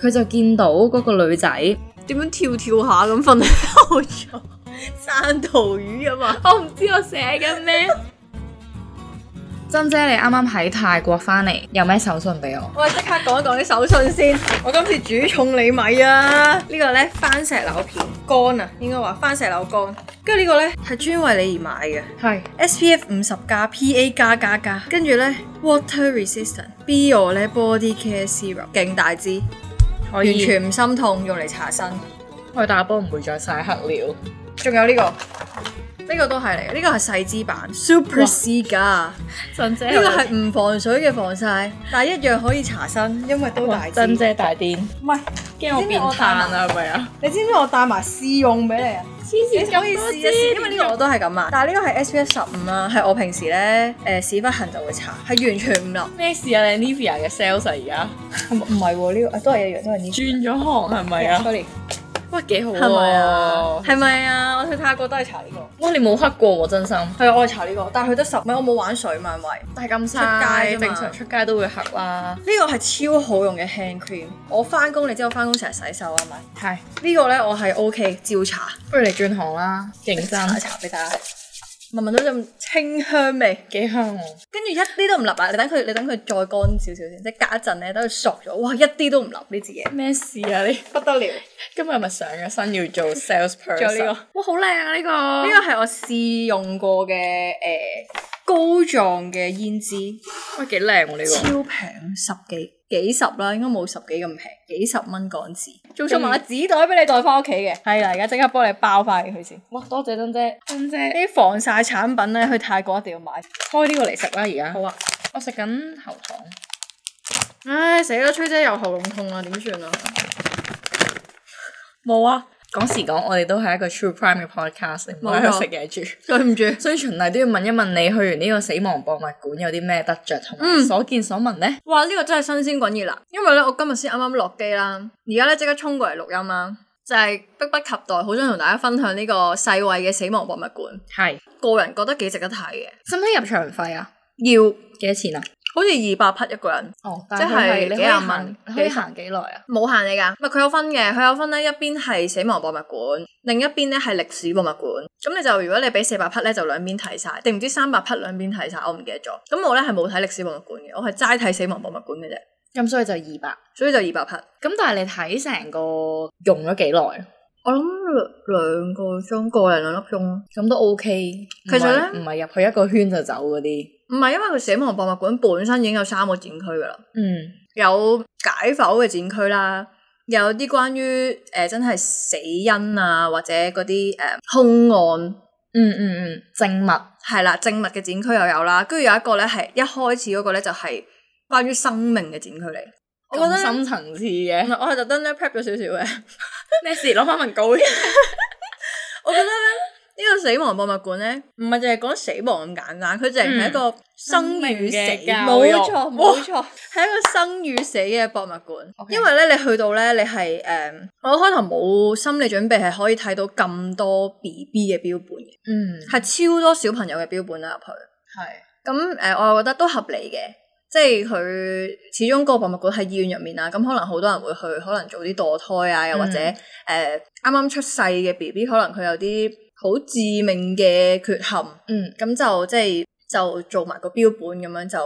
佢就見到嗰個女仔點樣跳跳下咁瞓喺度咗，三 條魚啊嘛！我唔知我寫緊咩？ 珍姐，你啱啱喺泰國翻嚟，有咩手信俾我？ 我即刻講一講啲手信先。我今次煮重你米啊！這個、呢個咧番石榴片乾啊，應該話番石榴乾。跟住呢個咧係專為你而買嘅，係 S, 是 P F 五十加 P A 加加加，跟住咧 Water Resistant Bio 咧 Body Care Serum，勁大支。我可完全唔心痛，用嚟查身，我打波唔會再曬黑了。仲有呢個。呢個都係嚟，呢個係細支版 Super C 架，呢個係唔防水嘅防曬，但係一樣可以搽身，因為都大。珍姐大啲。唔係驚我變態啊？係咪啊？你知唔知我帶埋試用俾你啊？黐線，你可以試一試，因為呢個我都係咁啊。但係呢個係 SPF 十五啊，係我平時咧誒屎忽痕就會搽，係完全唔漏。咩事啊？你 Nivea 嘅 sales 而家唔係喎，呢個都係一樣，都係轉咗行係咪啊？Sorry。哇，幾好喎、啊！係咪啊？我去泰國都係搽呢個。哇，你冇黑過喎，真心。係， 我係搽呢個，但係佢得十米，我冇玩水嘛，係。但係咁出街，正常出街都會黑啦、啊。呢個係超好用嘅 hand cream。我翻工，你知道我翻工成日洗手係咪？係。是個呢個咧我係 OK，照搽。不如你轉行啦，勁生嚟搽俾大家。聞聞到陣清香味，幾香喎、啊！跟住一啲都唔立啊！你等佢，你等佢再乾少少先，即係隔一陣咧，等佢熟咗，哇！一啲都唔立！你自己咩事啊？你不得了！ 今日咪上咗身要做 sales pro 做呢個哇，好靚啊！呢、呢個呢個係我試用過嘅誒膏狀嘅胭脂，哇，幾靚喎！呢個超平，十幾幾十啦，應該冇十幾咁平，幾十蚊港紙。送埋個紙袋畀你帶翻屋企嘅，係啦、嗯，而家即刻幫你包翻佢先。哇，多謝珍姐，珍姐，啲防曬產品咧，去泰國一定要買。開呢個嚟食啦，而家。好啊，我食緊喉糖。唉，死啦，崔姐又喉嚨痛啦，點算啊？冇啊。講時講，我哋都係一個 true crime 嘅 podcast，唔好食野住，對唔住。 所以循例都要問一問你，去完呢個死亡博物館有啲咩得着同所見所聞呢、嗯？哇，呢、這個真係新鮮滾熱辣！因為咧，我今日先啱啱落機啦，而家呢即刻衝過嚟錄音啦，就係、是、迫不及待，好想同大家分享呢個世衛嘅死亡博物館。係是個人覺得幾值得睇嘅。使唔使入場費啊？要幾多錢啊？好似二百匹一個人，哦，即係幾廿蚊。可以行幾耐啊？冇限你噶，唔係，佢有分嘅，佢有分呢一邊係死亡博物館，另一邊咧係歷史博物館。咁你就如果你俾四百匹咧，就兩邊睇晒，定唔知三百匹兩邊睇晒，我唔記得咗。咁我咧係冇睇歷史博物館嘅，我係齋睇死亡博物館嘅啫。咁所以就二百，所以就二百匹。咁但係你睇成個用咗幾耐？我諗兩個鐘，個人兩粒鐘咯。咁都 OK。其實呢，唔係入去一個圈就走嗰啲。唔係，因為佢死亡博物館本身已經有三個展區噶啦，嗯，有解剖嘅展區啦，有啲關於誒、呃、真係死因啊，或者嗰啲誒凶案，嗯嗯嗯，證物係啦，證物嘅展區又有啦，跟住有一個咧係一開始嗰個咧就係、是、關於生命嘅展區嚟。我覺得深層次嘅，我係特登咧 prep 咗少少嘅，咩事攞翻份稿，我覺得。 呢個死亡博物館咧，唔係淨係講死亡咁簡單，佢淨係一個生與死、嗯，嘅冇錯，冇錯，係哇一個生與死嘅博物館。Okay. 因為咧，你去到咧，你係誒、呃，我開頭冇心理準備，係可以睇到咁多 B B 嘅標本嘅，嗯，係超多小朋友嘅標本啊入去，係咁誒，我又覺得都合理嘅，即係佢始終個博物館喺醫院入面啊，咁可能好多人會去，可能做啲墮胎啊，又或者誒，啱啱、嗯呃呃、出世嘅 B B，可能佢有啲。好致命嘅缺陷，嗯，咁就即係就做埋個標本咁樣，就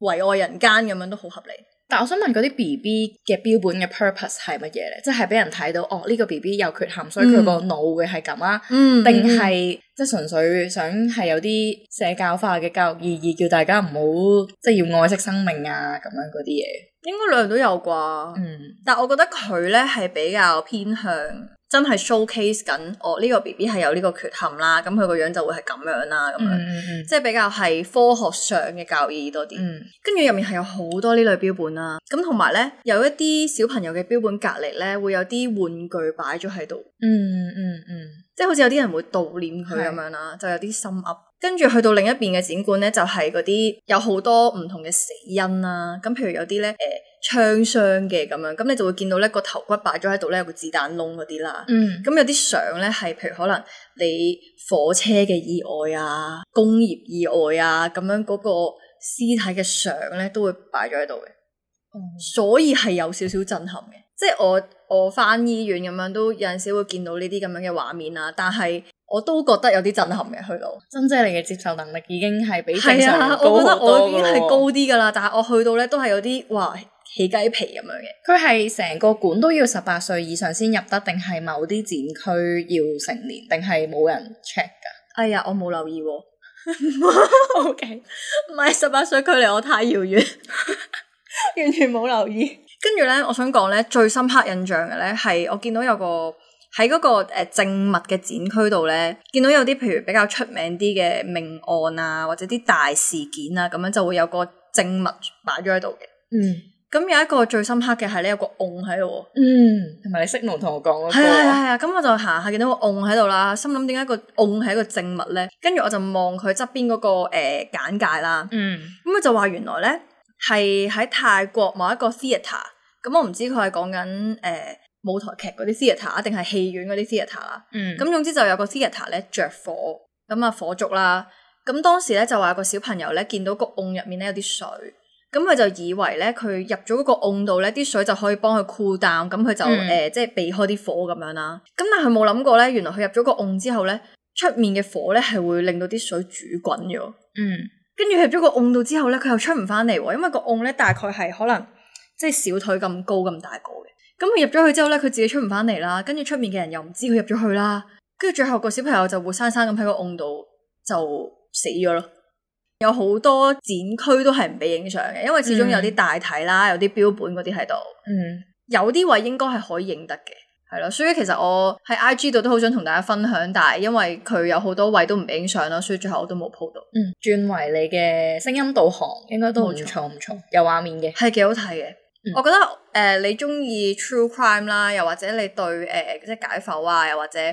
遺愛人間咁樣都好合理。但係我想問嗰啲 B B 嘅標本嘅 purpose 係乜嘢咧？即係俾人睇到哦，呢個 B B 有缺陷，所以佢個腦會係咁啊？嗯，定係即係純粹想係有啲社交化嘅教育意義，叫大家唔好即係要愛惜生命啊咁樣嗰啲嘢。應該兩樣都有啩，嗯，但係我覺得佢咧係比較偏向。真係 showcase 緊，我、哦、呢、呢個 B B 係有呢個缺陷啦，咁佢個樣就會係咁樣啦，咁樣、mm hmm. 即係比較係科學上嘅教義多啲。跟住入面係有好多呢類標本啦、啊，咁同埋咧有一啲小朋友嘅標本隔籬咧，會有啲玩具擺咗喺度。嗯嗯嗯，hmm. 即係好似有啲人會悼念佢咁樣啦，mm hmm. 就有啲心噏。跟住是去到另一邊嘅展館咧，就係嗰啲有好多唔同嘅死因啦、啊。咁譬如有啲咧，誒、呃。槍傷嘅咁樣，咁你就會見到咧，個頭骨擺咗喺度咧，有個子彈窿嗰啲啦。嗯。咁有啲相咧係譬如可能你火車嘅意外啊、工業意外啊咁樣嗰個屍體嘅相咧都會擺咗喺度嘅。嗯、所以係有少少震撼嘅，嗯、即係我我翻醫院咁樣都有陣時會見到呢啲咁樣嘅畫面啊，但係我都覺得有啲震撼嘅去到。珍姐，你嘅接受能力已經係比正常高好多咯。係啊，我覺得我已經係高啲㗎啦，但係我去到咧都係有啲哇～起雞皮咁樣嘅，佢係成個館都要十八歲以上先入得，定係某啲展區要成年，定係冇人 check 噶？哎呀，我冇留意喎、哦。O K，唔係十八歲距離我太遙遠， 完全冇留意。跟住咧，我想講咧最深刻印象嘅咧，係我見到有個喺嗰、嗰個誒、呃、證物嘅展區度咧，見到有啲譬如比較出名啲嘅命案啊，或者啲大事件啊，咁樣就會有個證物擺咗喺度嘅。嗯。咁有一個最深刻嘅係咧，有個甕喺度。嗯，同埋你色龍同我講嗰個。係係係啊！咁我就行下見到個甕喺度啦，心諗點解個甕係一個靜物咧？跟住我就望佢側邊嗰個誒簡介啦。嗯。咁佢就話原來咧係喺泰國某一個 theatre。咁我唔知佢係講緊誒舞台劇嗰啲 theatre 啊，定係戲院嗰啲 theatre 啦。嗯。咁總之就有個 theatre 咧着火，咁啊火，火燭啦。咁、嗯嗯、當時咧就話有個小朋友咧見到個甕入面咧有啲水。咁佢就以為咧，佢入咗嗰個甕度咧，啲水就可以幫佢 cool down，咁佢就誒、嗯呃、即係避開啲火咁樣啦。咁但係冇諗過咧，原來佢入咗個甕之後咧，出面嘅火咧係會令到啲水煮滾咗。嗯，跟住入咗個甕度之後咧，佢又出唔翻嚟喎，因為個甕咧大概係可能即係、就是、小腿咁高咁大個嘅。咁佢入咗去之後咧，佢自己出唔翻嚟啦。跟住出面嘅人又唔知佢入咗去啦。跟住最後個小朋友就活生生咁喺個甕度就死咗咯。有好多展區都係唔俾影相嘅，因為始終有啲大體啦，嗯、有啲標本嗰啲喺度。嗯，有啲位應該係可以影得嘅，係咯。所以其實我喺 I G 度都好想同大家分享，但係因為佢有好多位都唔俾影相咯，所以最後我都冇鋪到。嗯，轉為你嘅聲音導航應該都唔錯，唔錯、錯、錯，有畫面嘅，係幾好睇嘅。嗯、我覺得誒、呃，你中意 True Crime 啦，又或者你對誒、呃、即係解剖啊，又或者誒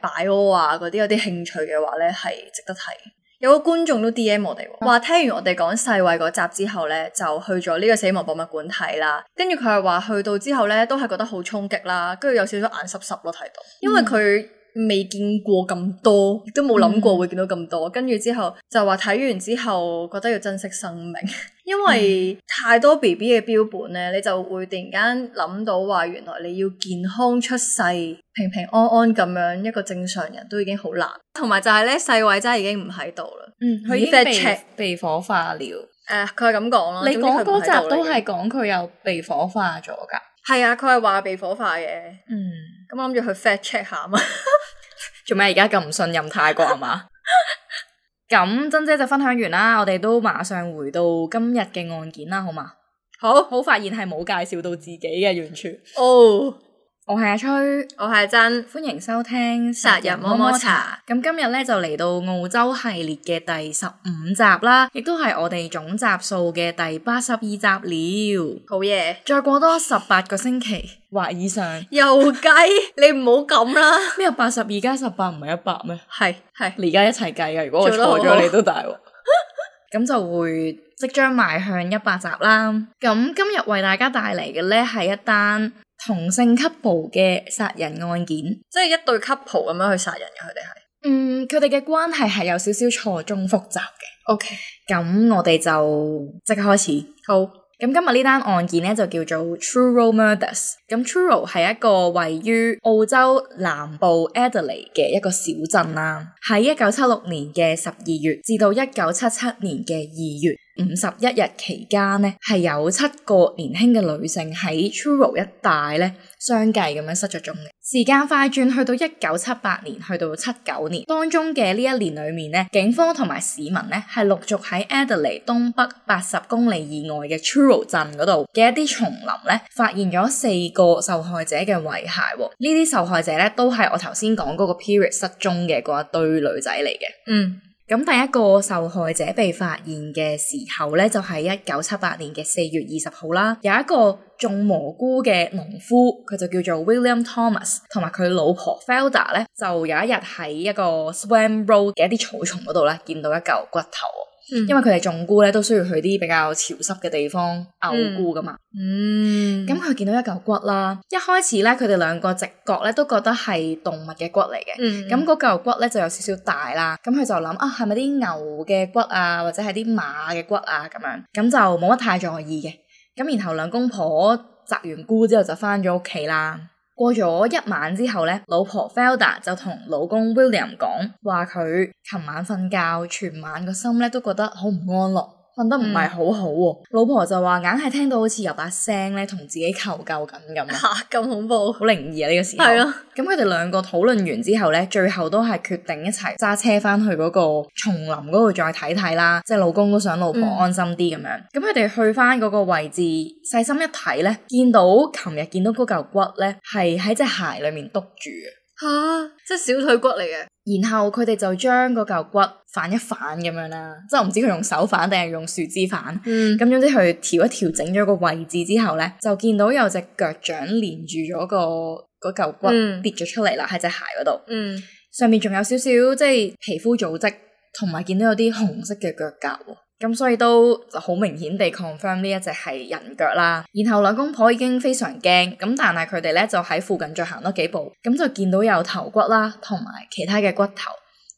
擺屙啊嗰啲有啲興趣嘅話咧，係值得睇。有個觀眾都 DM 我哋，話聽完我哋講世衛嗰集之後呢，就去咗呢個死亡博物館睇啦。跟住佢又話去到之後呢，都係覺得好衝擊啦，跟住有少少眼濕濕咯睇到，因為佢。嗯未見過咁多，亦都冇諗過會見到咁多。跟住、嗯、之後就話睇完之後覺得要珍惜生命，因為太多 B B 嘅標本咧，嗯、你就會突然間諗到話原來你要健康出世、平平安安咁樣一個正常人都已經好難。同埋就係咧，細位真係已經唔喺度啦。嗯，佢即係被被火化了。誒、呃，佢係咁講咯。你嗰說嗰集都係講佢又被火化咗噶。係啊，佢係話被火化嘅。嗯。咁諗住去 fact check 下嘛？做咩而家咁唔信任泰國係嘛？咁 珍姐就分享完啦，我哋都馬上回到今日嘅案件啦，好嘛？好好發現係冇介紹到自己嘅，完全哦。 oh. 我係阿崔，我係阿珍，歡迎收聽殺人摸摸茶。咁今日咧就嚟到澳洲系列嘅第十五集啦，亦都係我哋總集數嘅第八十二集了。好嘢耶！再過多十八個星期或以上，又計雞 你唔好咁啦。咩？八十二加十八唔係一百咩？係係，你而家一齊計噶。如果我錯咗，你都大鑊。咁 就會即將邁向一百集啦。咁今日為大家帶嚟嘅咧係一單，同性 couple 嘅殺人案件，即係一對 couple 咁樣去殺人嘅，佢哋係，嗯，佢哋嘅關係係有少少錯綜複雜嘅。OK，咁我哋就即刻開始。好，咁今日呢單案件咧就叫做 Truro Murders。咁 Truro 係一個位於澳洲南部 Adelaide 嘅一個小鎮啦、啊。喺一九七六年嘅十二月，至到一九七七年嘅二月，五十一日期間呢係有七個年輕嘅女性喺 Truro 一帶咧，相繼咁樣失咗蹤嘅。時間快轉去到一九七八年，去到七九年當中嘅呢一年裏面呢，警方同埋市民呢係陸續喺 Adelaide 東北八十公里以外嘅 Truro 鎮嗰度嘅一啲叢林呢，發現咗四個受害者嘅遺骸。呢啲受害者呢都係我頭先講嗰個 period 失蹤嘅嗰一堆女仔嚟嘅。嗯。咁第一個受害者被發現嘅時候呢，就係一九七八年嘅四月二十號啦。有一個種蘑菇嘅農夫，佢就叫做 William Thomas，同埋佢老婆 Felda 呢，就有一日喺一個 Swan Road 嘅一啲草叢嗰度呢，見到一嚿骨頭。因為佢哋種菇咧都需要去啲比較潮濕嘅地方漚菇噶嘛，咁佢、嗯、見到一嚿骨啦，一開始咧佢哋兩個直覺咧都覺得係動物嘅骨嚟嘅，咁嗰嚿骨咧就有少少大啦，咁佢就諗啊係咪啲牛嘅骨啊或者係啲馬嘅骨啊咁樣，咁就冇乜太在意嘅，咁然後兩公婆摘完菇之後就翻咗屋企啦。過咗一晚之後呢，老婆 Felda 就同老公 William 講，話佢琴晚瞓覺，全晚個心呢都覺得好唔安樂。瞓得唔係好好喎，嗯、老婆就話硬係聽到好似有把聲咧同自己求救緊咁啊！咁恐怖，好靈異啊呢個時候。係咯了，咁佢哋兩個討論完之後咧，最後都係決定一齊揸車翻去嗰個松林嗰度再睇睇啦，即係老公都想老婆安心啲咁樣。咁佢哋去翻嗰個位置，細心一睇咧，見到琴日見到嗰嚿骨咧係喺隻鞋裏面篤住。吓、啊，即係小腿骨嚟嘅。然後佢哋就將嗰嚿骨反一反咁樣啦，即係我唔知佢用手反定係用樹枝反。嗯，咁總之佢調一調整咗個位置之後咧，就見到有隻腳掌連住咗個嗰嚿骨跌咗出嚟啦，喺隻鞋嗰度。嗯，嗯上面仲有少少即係皮膚組織，同埋見到有啲紅色嘅腳甲。咁所以都就好明顯地 confirm 呢一隻係人腳啦。然後兩公婆已經非常驚，咁但係佢哋咧就喺附近再行多幾步，咁就見到有頭骨啦，同埋其他嘅骨頭，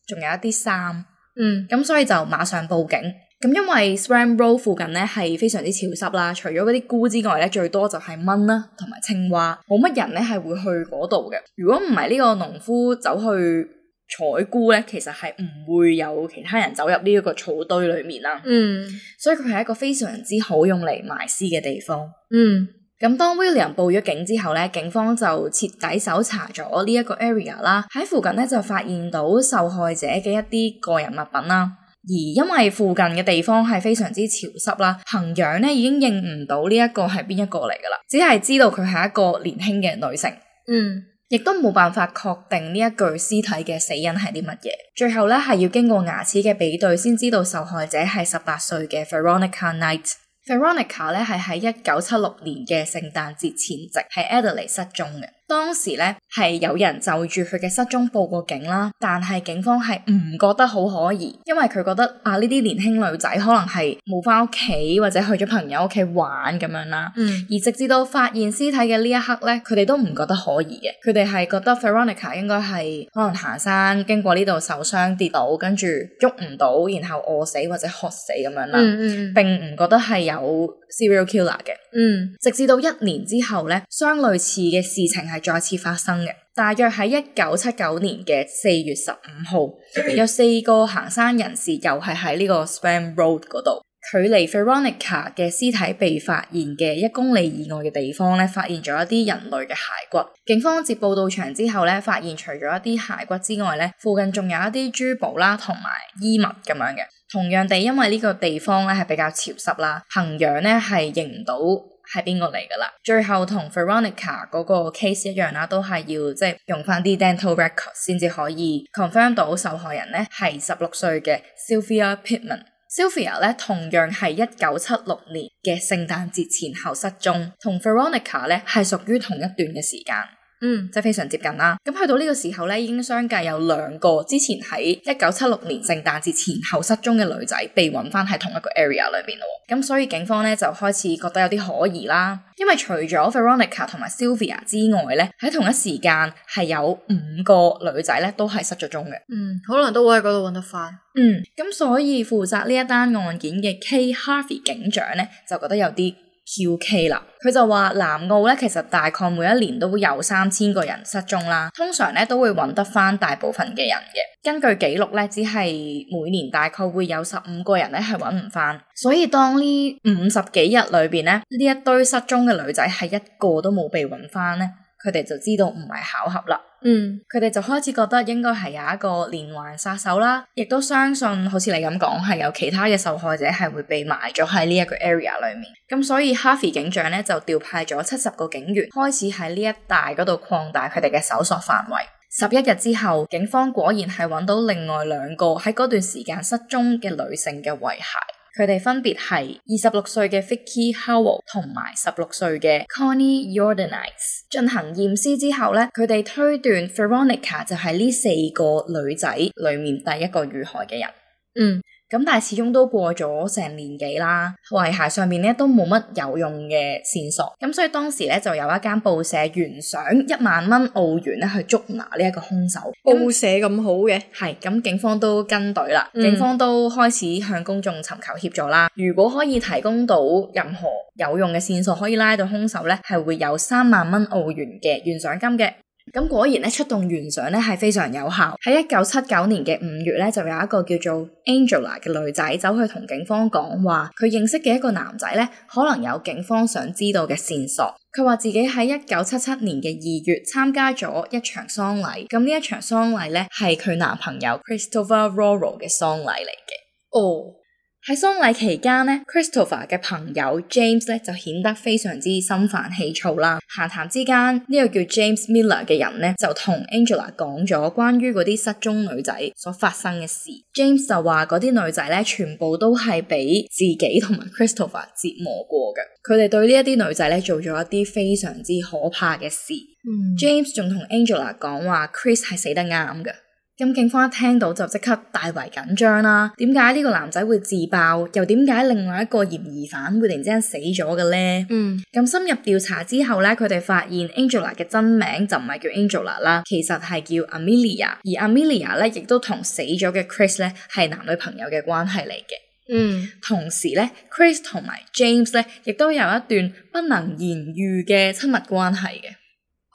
仲有一啲衫。嗯，咁所以就馬上報警。咁因為 Swamp Road 附近咧係非常之潮濕啦，除咗嗰啲菇之外咧，最多就係蚊啦，同埋青蛙，冇乜人咧係會去嗰度嘅。如果唔係呢個農夫走去採菇咧，其實係唔會有其他人走入呢一個草堆裏面啦。嗯，所以佢係一個非常之好用嚟埋屍嘅地方。嗯，咁當 William 報咗警之後咧，警方就徹底搜查咗呢一個 area 啦。喺附近咧就發現到受害者嘅一啲個人物品啦。而因為附近嘅地方係非常之潮濕啦，行樣咧已經認唔到呢一個係邊一個嚟噶啦，只係知道佢係一個年輕嘅女性。嗯。亦都冇辦法確定呢一具屍體嘅死因係啲乜嘢，最後咧係要經過牙齒嘅比對先知道受害者係十八歲嘅 Veronica Knight。 Veronica 咧係喺一九七六年嘅聖誕節前夕喺 Adelaide 失蹤嘅。當時咧係有人就住佢嘅失蹤報過警啦，但係警方係唔覺得好可疑，因為佢覺得啊呢啲年輕女仔可能係冇翻屋企或者去咗朋友屋企玩咁樣啦。嗯，而直至到發現屍體嘅呢一刻咧，佢哋都唔覺得可疑嘅，佢哋係覺得 Veronica 應該係可能行山經過呢度受傷跌倒，跟住喐唔到，然後餓死或者渴死咁樣啦，嗯嗯。並唔覺得係有。Serial killer 嘅，嗯，直至到一年之後咧，相類似嘅事情係再次發生嘅。大約喺一九七九年嘅四月十五號， 有四個行山人士又係喺呢個 Swamp Road 嗰度，距離 Veronica 嘅屍體被發現嘅一公里以外嘅地方咧，發現咗一啲人類嘅骸骨。警方接報到場之後咧，發現除咗一啲骸骨之外咧，附近仲有一啲珠寶啦，同埋衣物咁樣嘅。同樣地，因為呢個地方咧係比較潮濕啦，衡陽呢係認唔到係邊個嚟噶啦。最後同 Veronica 嗰個 case 一樣啦，都係要即係用翻啲 dental record 先至可以 confirm 到受害人呢係十六歲嘅 Sylvia Pittman。Sylvia 呢同樣係一九七六年嘅聖誕節前後失蹤，同 Veronica 呢係屬於同一段嘅時間。嗯，即係非常接近啦。咁去到呢個時候咧，已經相繼有兩個之前喺一九七六年聖誕節前後失蹤嘅女仔被揾翻喺同一個 area 裏面咯。咁所以警方咧就開始覺得有啲可疑啦。因為除咗 Veronica 同埋 Sylvia 之外咧，喺同一時間係有五個女仔咧都係失咗蹤嘅。嗯，可能都會喺嗰度揾得翻。嗯，咁所以負責呢一單案件嘅 K Harvey 警長咧就覺得有啲。QK 啦，佢就話南澳呢，其實大概每一年都會有三千個人失蹤啦，通常呢，都會揾得翻大部分嘅人嘅。根據記錄呢，只係每年大概會有十五個人呢係揾唔翻，所以當呢五十幾日裏邊呢，呢一堆失蹤嘅女仔係一個都冇被揾翻呢，佢哋就知道唔係巧合啦。嗯，佢哋就開始覺得應該係有一個連環殺手啦，亦都相信好似你咁講，係有其他嘅受害者係會被埋咗喺呢一個 area 裡面。咁所以，哈菲警長咧就調派咗七十個警員開始喺呢一帶嗰度擴大佢哋嘅搜索範圍。十一日之後，警方果然係揾到另外兩個喺嗰段時間失蹤嘅女性嘅遺骸。佢哋分別係二十六歲嘅 Vicky Howell 同埋十六歲嘅 Connie Jordanites。進行驗屍之後咧，佢哋推斷 Veronica 就係呢四個女仔裡面第一個遇害嘅人。嗯。咁但係始終都過咗成年幾啦，遺骸上面咧都冇乜有用嘅線索，咁、嗯、所以當時咧就有一間報社懸賞一萬蚊澳元咧去捉拿呢一個兇手，嗯、報社咁好嘅，係咁警方都跟隊啦，嗯、警方都開始向公眾尋求協助啦，如果可以提供到任何有用嘅線索可以拉到兇手咧，係會有三萬蚊澳元嘅懸賞金嘅。咁果然呢，出動懸賞呢係非常有效。喺一九七九年嘅五月呢，就有一個叫做 Angela 嘅女仔走去同警方講話，佢認識嘅一個男仔呢，可能有警方想知道嘅線索。佢話自己喺一九七七年嘅二月參加咗一場喪禮，咁呢一場喪禮呢係佢男朋友 Christopher Worrell 嘅喪禮嚟嘅。哦、oh。喺喪禮期間呢 Christopher 嘅朋友 James 咧就顯得非常之心煩氣躁啦。閒談之間，呢、呢個叫 James Miller 嘅人咧就同 Angela 講咗關於嗰啲失蹤女仔所發生嘅事。James 就話嗰啲女仔咧全部都係俾自己同埋 Christopher 折磨過嘅，佢哋對呢一啲女仔咧做咗一啲非常之可怕嘅事。嗯、James 仲同 Angela 講話，Chris 係死得啱嘅。咁警方一聽到就即刻大為緊張啦。點解呢個男仔會自爆？又點解另外一個嫌疑犯會突然之間死咗嘅咧？嗯。咁深入調查之後咧，佢哋發現 Angela 嘅真名就唔係叫 Angela 啦，其實係叫 Amelia。而 Amelia 咧，亦都同死咗嘅 Chris 咧係男女朋友嘅關係嚟嘅。嗯。同時咧，Chris 同埋 James 咧，亦都有一段不能言喻嘅親密關係嘅。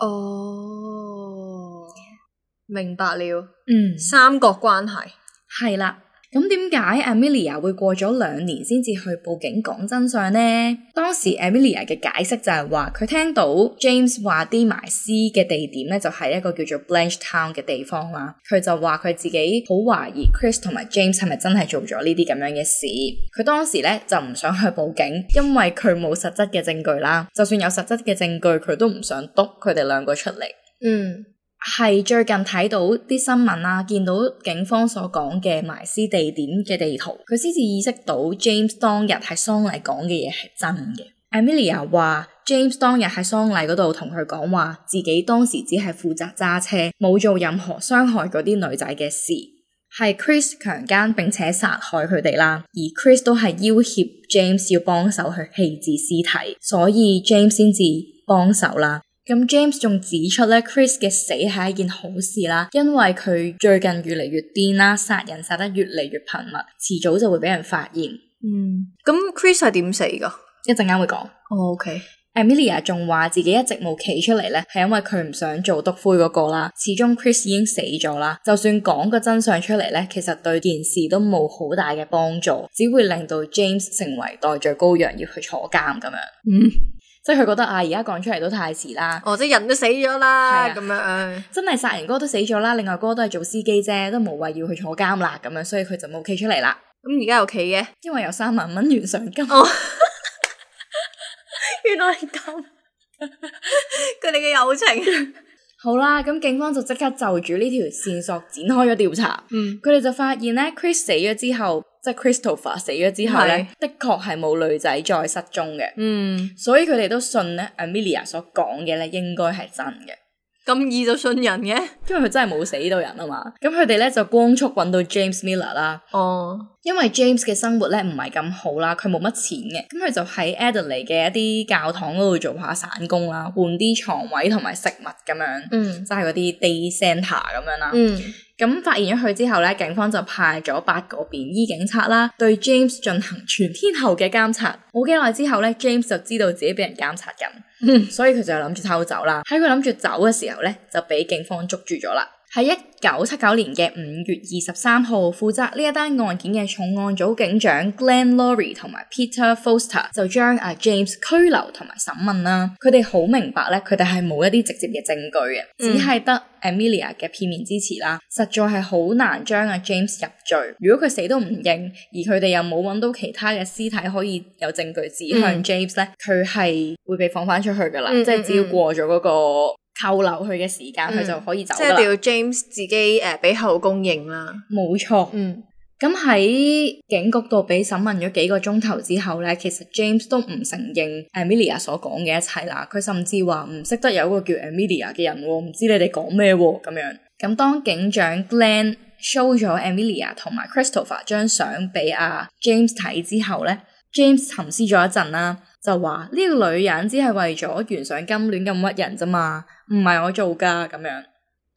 哦。明白了，嗯，三角關係係啦。咁點解 Amelia 會過咗兩年先至去報警講真相呢？當時 Amelia 嘅解釋就係話，佢聽到 James 話啲埋屍嘅地點咧就係一個叫做 Blanchetown 嘅地方啦。佢就話佢自己好懷疑 Chris 同埋 James 係咪真係做咗呢啲咁樣嘅事。佢當時咧就唔想去報警，因為佢冇實質嘅證據啦。就算有實質嘅證據，佢都唔想督佢哋兩個出嚟。嗯。係最近睇到啲新聞啦、啊，見到警方所講嘅埋屍地點嘅地圖，佢先至意識到 James 當日喺喪禮講嘅嘢係真嘅。Amelia 話 James 當日喺喪禮嗰度同佢講話，自己當時只係負責揸車，冇做任何傷害嗰啲女仔嘅事，係 Chris 強姦並且殺害佢哋啦。而 Chris 都係要挾 James 要幫手去棄置屍體，所以 James 先至幫手啦。咁 James 仲指出咧，Chris 嘅死係一件好事啦，因為佢最近越嚟越癲啦、啊，殺人殺得越嚟越頻密，遲早就會俾人發現。嗯，咁 Chris 係點死噶？一陣間會講。哦，OK，Amelia 仲話自己一直冇企出嚟咧，係因為佢唔想做督灰嗰個啦。始終 Chris 已經死咗啦，就算講個真相出嚟咧，其實對件事都冇好大嘅幫助，只會令到 James 成為代罪羔羊，要去坐監咁樣。嗯。即係佢覺得啊，而家講出嚟都太遲啦。哦，即係人都死咗啦，咁、啊、樣。哎、真係殺人哥都死咗啦，另外哥都係做司機啫，都無謂要去坐監啦，咁樣，所以佢就冇企出嚟啦。咁而家又企嘅，因為有三萬蚊懸賞金。哦， 原來係咁，佢哋嘅友情。 好啦，咁警方就即刻就住呢條線索展開咗調查。嗯，佢哋就發現咧，Chris 死咗之後。即係 Christopher 死咗之後咧，的確係冇女仔再失蹤嘅，嗯、所以佢哋都信咧 Amelia 所講嘅咧，應該係真嘅。咁易就信任嘅，因為佢真係冇死到人啊嘛。咁佢哋咧就光速搵到 James Miller 啦。哦，oh. 因為 James 嘅生活咧唔係咁好啦，佢冇乜錢嘅，咁佢就喺 Adelaide 嘅一啲教堂嗰度做下散工啦，換啲床位同埋食物咁樣。嗯，即係嗰啲 day center 咁樣啦。嗯，咁、嗯、發現咗佢之後咧，警方就派咗八個便衣警察啦，對 James 進行全天候嘅監察。冇幾耐之後咧，James 就知道自己俾人監察緊。嗯，所以佢就諗住偷走啦，喺佢諗住走嘅時候呢，就俾警方捉住咗啦。喺一九七九年嘅五月二十三號，負責呢一單案件嘅重案組警長 Glen Laurie 同埋 Peter Foster 就將阿 James 拘留同埋審問啦。佢哋好明白咧，佢哋係冇一啲直接嘅證據嘅，嗯、只係得 Amelia 嘅片面支持啦，實在係好難將阿 James 入罪。如果佢死都唔認，而佢哋又冇揾到其他嘅屍體可以有證據指向 James 咧、嗯，佢係會被放翻出去噶啦。嗯嗯嗯即係只要過咗嗰、嗰個。扣留佢嘅時間，佢、嗯、就可以走啦。即係要 James 自己誒俾、呃、後供認啦。冇錯，嗯。咁喺警局度俾審問咗幾個鐘頭之後咧，其實 James 都唔承認 Amelia 所講嘅一切啦。佢甚至話唔識得有個叫 Amelia 嘅人、哦，唔知你哋講咩喎咁樣。咁當警長 Glen show 咗 Amelia 同埋 Christopher 張相俾阿、啊、James 睇之後咧，James 沉思咗一陣啦。就話呢、這個女人只係為咗懸賞金戀咁屈人咋嘛，唔係我做噶咁樣。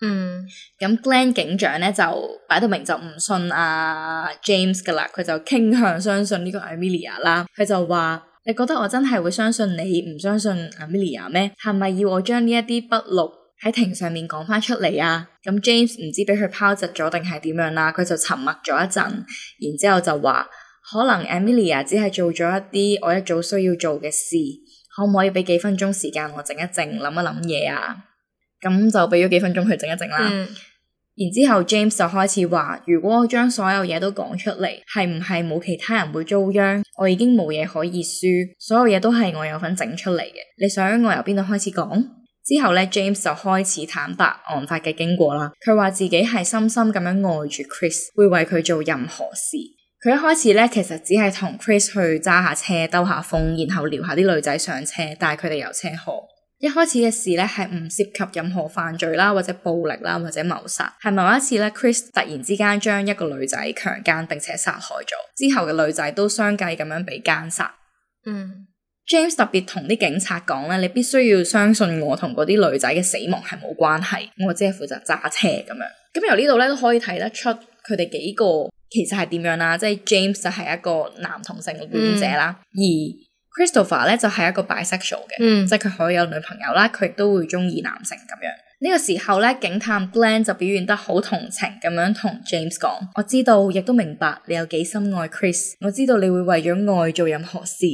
嗯，咁 Glen 警長咧就擺到明，明就唔信阿、啊、James 噶啦，佢就傾向相信呢個 Amelia 啦。佢就話：你覺得我真係會相信你唔相信 Amelia 咩？係咪要我將呢一啲筆錄喺庭上面講翻出嚟啊？咁 James 唔知俾佢拋窒咗定係點樣啦？佢就沉默咗一陣，然之後就話。可能 Emily 啊，只係做咗一啲我一早需要做嘅事，可唔可以俾幾分鐘時間我靜一靜諗一諗嘢啊？咁就俾咗幾分鐘佢靜一靜啦。嗯、然之後 James 就開始話：如果我將所有嘢都講出嚟，係唔係冇其他人會遭殃？我已經冇嘢可以輸，所有嘢都係我有份整出嚟嘅。你想我由邊度開始講？之後咧，James 就開始坦白案發嘅經過啦。佢話自己係深深咁樣愛住 Chris，會為佢做任何事。佢一開始咧，其實只係同 Chris 去揸下車兜下風，然後撩下啲女仔上車，但係佢哋有車河。一開始嘅事咧係唔涉及任何犯罪啦，或者暴力啦，或者謀殺。係某一次咧，Chris 突然之間將一個女仔強奸並且殺害咗，之後嘅女仔都相繼咁樣被奸殺。嗯，James 特別同啲警察講咧，你必須要相信我同嗰啲女仔嘅死亡係冇關係，我只係負責揸車咁樣。咁由呢度咧都可以睇得出佢哋幾個。其實係點樣啦，即係 James 就係一個男同性嘅戀者啦，嗯、而 Christopher 咧就係一個 bisexual 嘅，嗯、即係佢可以有女朋友啦，佢亦都會中意男性咁樣。呢、這個時候咧，警探 Blaine 就表現得好同情咁樣同 James 講，嗯、我知道亦都明白你有幾深愛 Chris，我知道你會為咗愛做任何事。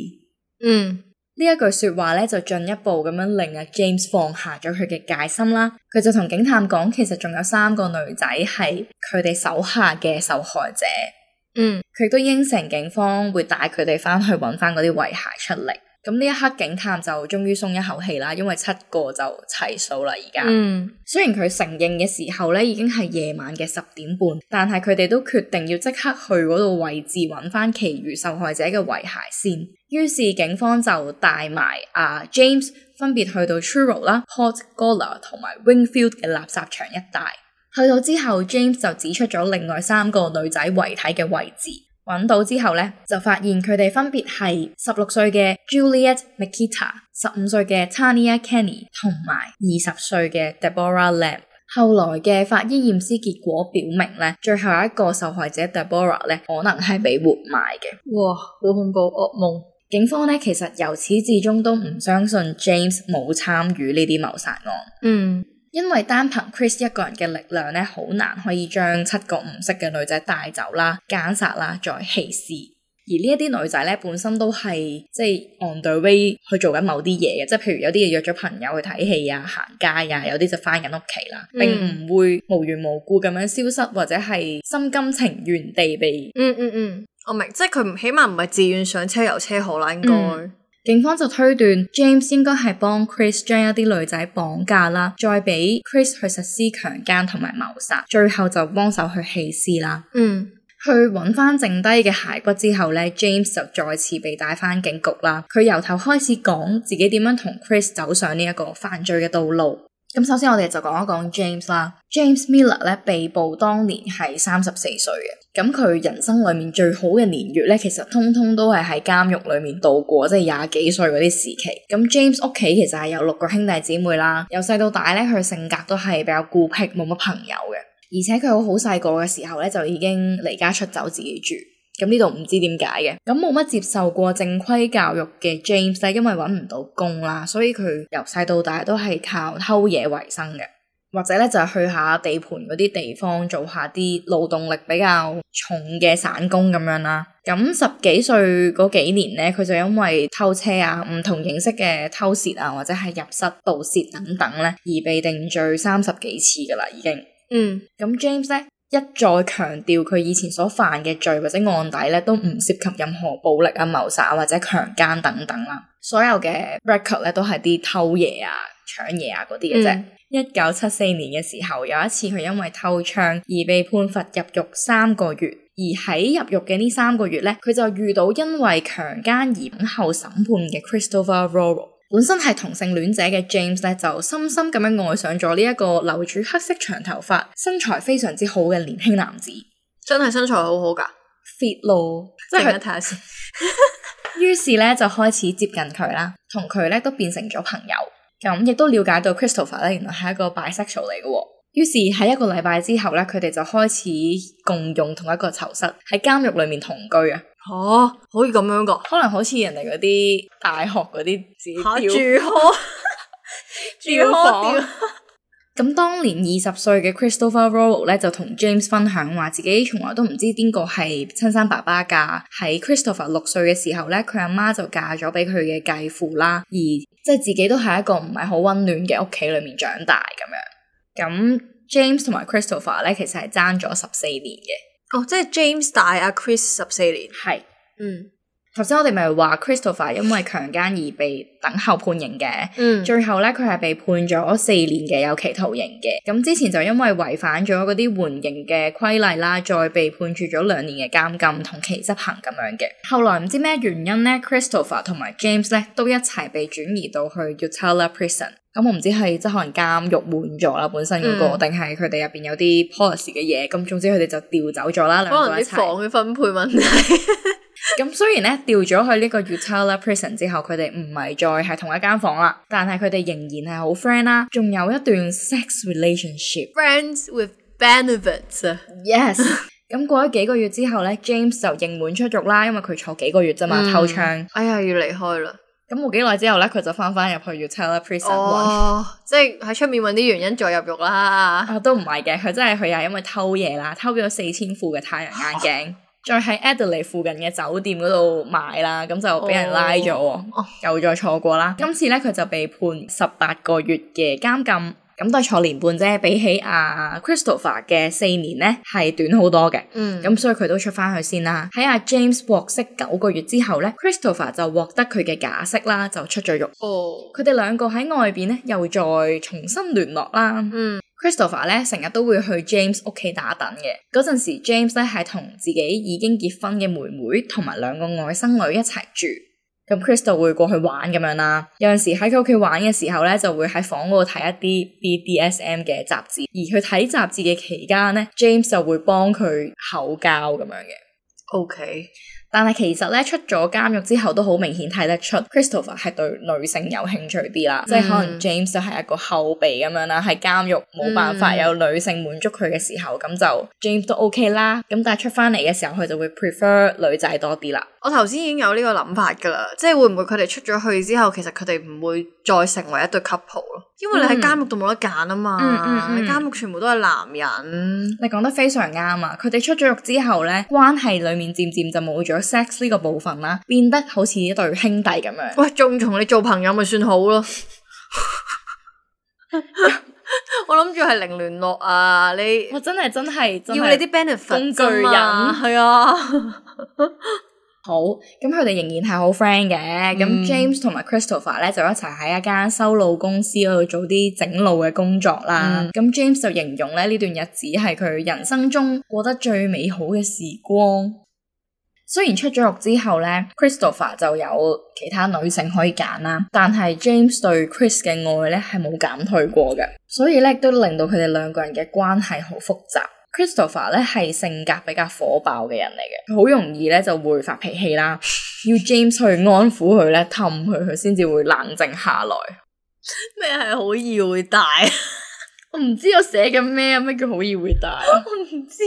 嗯。呢一句說話呢，就進一步咁令阿 James 放下咗佢嘅戒心啦。佢就同警探講，其實仲有三個女仔係佢哋手下嘅受害者。嗯，佢亦都應承警方會帶佢哋翻去揾翻嗰啲遺骸出嚟。咁呢一刻，警探就終於鬆一口氣啦，因為七個就齊數啦。而家，嗯，雖然佢承認嘅時候咧，已經係夜晚嘅十點半，但係佢哋都決定要即刻去嗰度位置揾翻其餘受害者嘅遺骸先。於是警方就帶埋阿，啊，James 分別去到 Truro 啦，Port Gawler 同埋 Wingfield 嘅垃圾場一帶。去到之後，James 就指出咗另外三個女仔遺體嘅位置。揾到之後咧，就發現佢哋分別係十六歲嘅 Juliet Mykyta、十五歲嘅 Tania Kenny 同埋二十歲嘅 Deborah Lamb。後來嘅法醫驗屍結果表明咧，最後一個受害者 Deborah 咧，可能係被活埋嘅。哇，好恐怖噩夢！警方咧，其實由始至終都唔相信 James 冇參與呢啲謀殺案。嗯。因為單憑 Chris 一個人嘅力量咧，好難可以將七個唔識嘅女仔帶走啦、姦殺啦、再棄屍。而呢一啲女仔咧，本身都係即係 on the way 去做緊某啲嘢嘅，即係譬如有啲嘢約咗朋友去睇戲啊、行街啊，有啲就翻緊屋企啦，並唔會無緣無故咁樣消失或者係心甘情願地被、嗯。嗯嗯嗯，我明，即係佢起碼唔係自願上車遊車河啦，應該。嗯警方就推斷 James 應該係幫 Chris 將一啲女仔綁架啦，再俾 Chris 去實施強姦同埋謀殺，最後就幫手去棄屍啦。嗯，去搵翻剩低嘅骸骨之後呢 James 就再次被帶翻警局啦。佢由頭開始講自己點樣同 Chris 走上呢一個犯罪嘅道路。咁首先我哋就講一講 James 啦，James Miller 呢被捕當年係三十四歲嘅，咁佢人生裏面最好嘅年月呢，其實通通都係喺監獄裏面度過，即係廿幾歲嗰啲時期。咁 James 屋企其實係有六個兄弟姐妹啦，由細到大呢佢性格都係比較孤僻，冇乜朋友嘅，而且佢好細個嘅時候呢，就已經離家出走自己住。咁呢度唔知點解嘅，咁冇乜接受過正規教育嘅 James 因為揾唔到工啦，所以佢由細到大都係靠偷嘢為生嘅，或者咧就係去下地盤嗰啲地方做下啲勞動力比較重嘅散工咁樣啦。咁十幾歲嗰幾年咧，佢就因為偷車啊、唔同形式嘅偷竊啊，或者係入室盜竊等等咧，而被定罪三十幾次噶啦，已經。嗯，咁 James 咧？一再強調佢以前所犯嘅罪或者案底咧，都唔涉及任何暴力啊、謀殺或者強姦等等啦。所有嘅 record 咧都係啲偷嘢啊、搶嘢啊嗰啲嘅啫。一九七四年嘅時候，有一次佢因為偷槍而被判罰入獄三個月，而喺入獄嘅呢三個月咧，佢就遇到因為強姦而等候審判嘅 Christopher Worrell。本身係同性戀者嘅 James 咧，就深深咁樣愛上咗呢一個留住黑色長頭髮、身材非常之好嘅年輕男子。真係身材好好㗎，fit 佬咯，即係睇下先。於 是咧就開始接近佢啦，同佢咧都變成咗朋友。咁亦都了解到 Christopher 咧，原來係一個 bisexual 嚟嘅。於是喺一個禮拜之後咧，佢哋就開始共用同一個囚室喺監獄裏面同居可以咁樣噶，oh, like、可能好似人哋嗰啲大學嗰啲、啊、住 住開住開，咁當年二十歲嘅 Christopher Worrell 咧就同 James 分享話自己從來都唔知邊個係親生爸爸噶。喺 Christopher 六歲嘅時候咧，佢阿媽就嫁咗俾佢嘅繼父啦，而即係自己都係一個唔係好溫暖嘅屋企裏面長大咁樣。咁 James 同埋 Christopher 咧其實係爭咗十四年嘅。哦，oh, 即係 James 大阿 Chris 十四年係，是嗯，頭先我哋咪話 Christopher 因為強姦而被等候判刑嘅，嗯，最後咧佢係被判咗四年嘅有期徒刑嘅。咁之前就因為違反咗嗰啲緩刑嘅規例啦，再被判處咗兩年嘅監禁同期執行咁樣嘅。後來唔知咩原因咧，Christopher 同埋 James 咧都一齊被轉移到去 Yatala Prison。咁我唔知係即係可能監獄滿咗啦，本身嗰、嗰個定係佢哋入邊有啲 policy 嘅嘢，咁總之佢哋就調走咗啦，兩個人一齊。可能啲房嘅分配問題。咁、 嗯、雖然咧調咗去呢個 Yatala prison 之後，佢哋唔係再係同一間房啦，但係佢哋仍然係好 friend 啦、啊，仲有一段 sex relationship。Friends with benefits yes.、嗯。Yes。咁過咗幾個月之後咧，James 就刑滿出獄啦，因為佢坐幾個月啫嘛，偷槍、嗯。哎呀，要離開啦。咁冇幾耐之後咧，佢就翻翻入去 Yatala Prison 搵、er oh，即係喺出面搵啲原因再入獄啦、啊。都唔係嘅，佢真係佢係因為偷嘢啦，偷咗四千副嘅太陽眼鏡， 再喺 Adelaide 附近嘅酒店嗰度買啦，咁就俾人拉咗，oh. Oh. 又再錯過啦。 今次咧，佢就被判十八個月嘅監禁。咁都係坐年半啫，比起阿、啊、Christopher 嘅四年呢，係短好多嘅。咁、嗯、所以佢都出返去先啦。喺阿、啊、James 獲釋九個月之後呢，Christopher 就獲得佢嘅假釋啦，就出咗獄。佢哋、哦、兩個喺外面咧，又再重新聯絡啦。嗯、Christopher 呢，成日都會去 James 屋企打躉嘅。嗰陣時候 James 咧係同自己已經結婚嘅妹妹同埋兩個外甥女一齊住。咁 Chris 就會過去玩咁樣啦，有陣時喺佢屋企玩嘅時候咧，就會喺房嗰度睇一啲 BDSM 嘅雜誌，而佢睇雜誌嘅期間咧，James 就會幫佢口交咁樣嘅。Okay. 但係其實咧，出咗監獄之後都好明顯睇得出 Christopher 係對女性有興趣啲啦，嗯、即係可能 James 就係一個後備咁樣啦。喺監獄冇辦法有女性滿足佢嘅時候，咁、嗯、就 James 都 OK 啦。咁但係出翻嚟嘅時候，佢就會 prefer 女仔多啲啦。我頭先已經有呢個諗法噶啦，即係會唔會佢哋出咗去之後，其實佢哋唔會再成為一對 couple 咯？因為你喺監獄度冇得揀啊嘛，喺監獄全部都係男人。嗯、你講得非常啱啊！佢哋出咗獄之後咧，關係裏面漸漸就冇咗 sex 呢個部分啦，變得好似一對兄弟咁樣。喂，仲同你做朋友咪算好咯。 我諗住係零聯絡啊，你我真係真係要你啲 benefit 工具人，係啊。啊 好，咁佢哋仍然係好 friend 嘅。咁、嗯、James 同埋 Christopher 咧就一齊喺一間修路公司度做啲整路嘅工作啦。咁、嗯、James 就形容咧呢段日子係佢人生中過得最美好嘅時光。雖然出咗獄之後咧，Christopher 就有其他女性可以揀啦，但係 James 對 Chris 嘅愛咧係冇減退過嘅，所以咧都令到佢哋兩個人嘅關係好複雜。Christopher 咧係性格比較火爆嘅人嚟嘅，佢好容易咧就會發脾氣啦，要 James 去安撫佢咧氹佢，佢先至會冷靜下來。咩係好易會大？ 我唔知我寫緊咩，咩叫好易會大？我唔知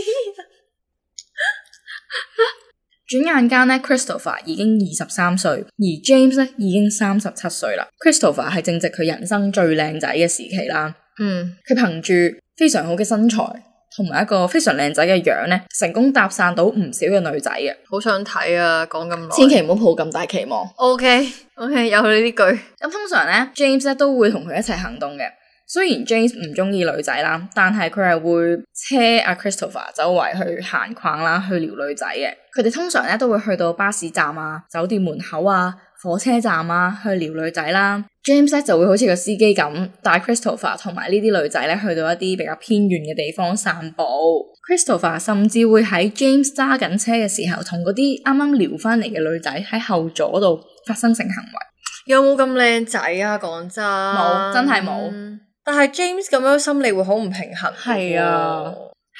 轉眼間呢 Christopher 已經二十三歲，而 James 咧已經三十七歲啦。Christopher 係正值佢人生最靚仔嘅時期啦。嗯，佢憑住非常好嘅身材，同埋一個非常靚仔嘅樣咧，成功搭訕到唔少嘅女仔嘅。好想睇啊！講咁耐，千祈唔好抱咁大期望。OK，OK，、okay, okay, 有你呢句。咁通常呢 James 咧都會同佢一齊行動嘅。雖然 James 唔中意女仔啦，但係佢係會車阿 Christopher 周圍去閒逛啦，去撩女仔嘅。佢哋通常咧都會去到巴士站啊、酒店門口啊、火車站啊去撩女仔啦。James 就會好似個司機咁帶 Christopher 同埋呢啲女仔咧去到一啲比較偏遠嘅地方散步。Christopher 甚至會喺 James 揸緊車嘅時候，同嗰啲啱啱撩翻嚟嘅女仔喺後座度發生性行為。有冇咁靚仔啊？講真，冇，真係冇。嗯但係 James 咁樣心理會好唔平衡？係啊，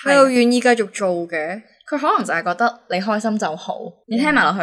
佢又願意繼續做嘅，佢、啊、可能就係覺得你開心就好。你聽埋落去，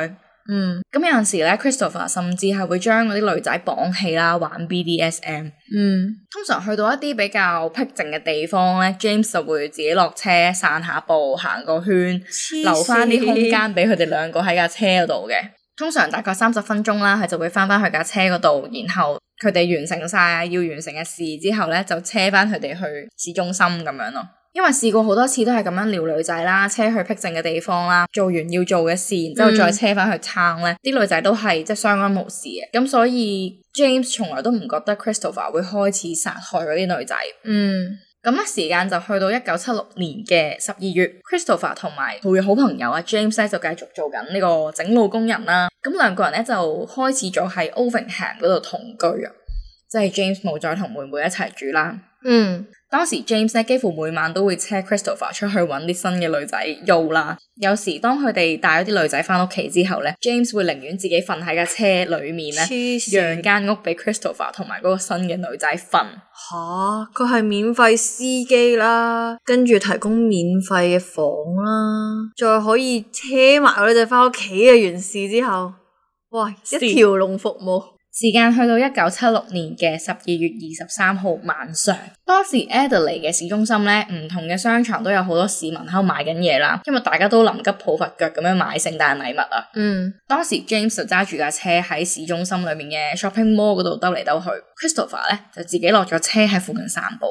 嗯。咁、嗯、有陣時咧，Christopher 甚至係會將嗰啲女仔綁起啦，玩 BDSM。嗯，通常去到一啲比較僻靜嘅地方咧，James 就會自己落車散下步，行個圈，留翻啲空間俾佢哋兩個喺架車度嘅。通常大概三十分鐘啦，佢就會翻翻去架車嗰度，然後。佢哋完成晒要完成嘅事之後咧，就車翻佢哋去市中心咁樣咯。因為試過好多次都係咁樣撩女仔啦，車去僻靜嘅地方啦，做完要做嘅事，然之後再車翻去撐咧，啲、嗯、女仔都係即係相安無事嘅。咁所以 James 從來都唔覺得 Christopher 會開始殺害嗰啲女仔。嗯。咁咧，時間就去到一九七六年嘅十二月，Christopher 同埋佢好朋友啊 James 就繼續做緊呢個整路工人啦。咁兩個人咧就開始咗喺 Ovingham 嗰度同居啊，即係 James 冇再同妹妹一齊住啦。嗯，當時 James 咧幾乎每晚都會車 Christopher 出去揾啲新嘅女仔用啦。有時當佢哋帶咗啲女仔返屋企之後咧，James 會寧願自己瞓喺架車裏面咧，狂讓間屋畀 Christopher 同埋嗰個新嘅女仔瞓。吓，佢係免費司機啦，跟住提供免費嘅房啦、啊，再可以車埋嗰個女仔返屋企嘅完事之後，喂，一條龍服務。時間去到一九七六年嘅十二月二十三號晚上，當時 Adelaide 嘅市中心咧，唔同嘅商場都有好多市民喺度買緊嘢啦，因為大家都臨急抱佛腳咁樣買聖誕禮物啊。嗯，當時 James 就揸住架車喺市中心裏面嘅 shopping mall 嗰度兜嚟兜去，Christopher 咧就自己落咗車喺附近散步。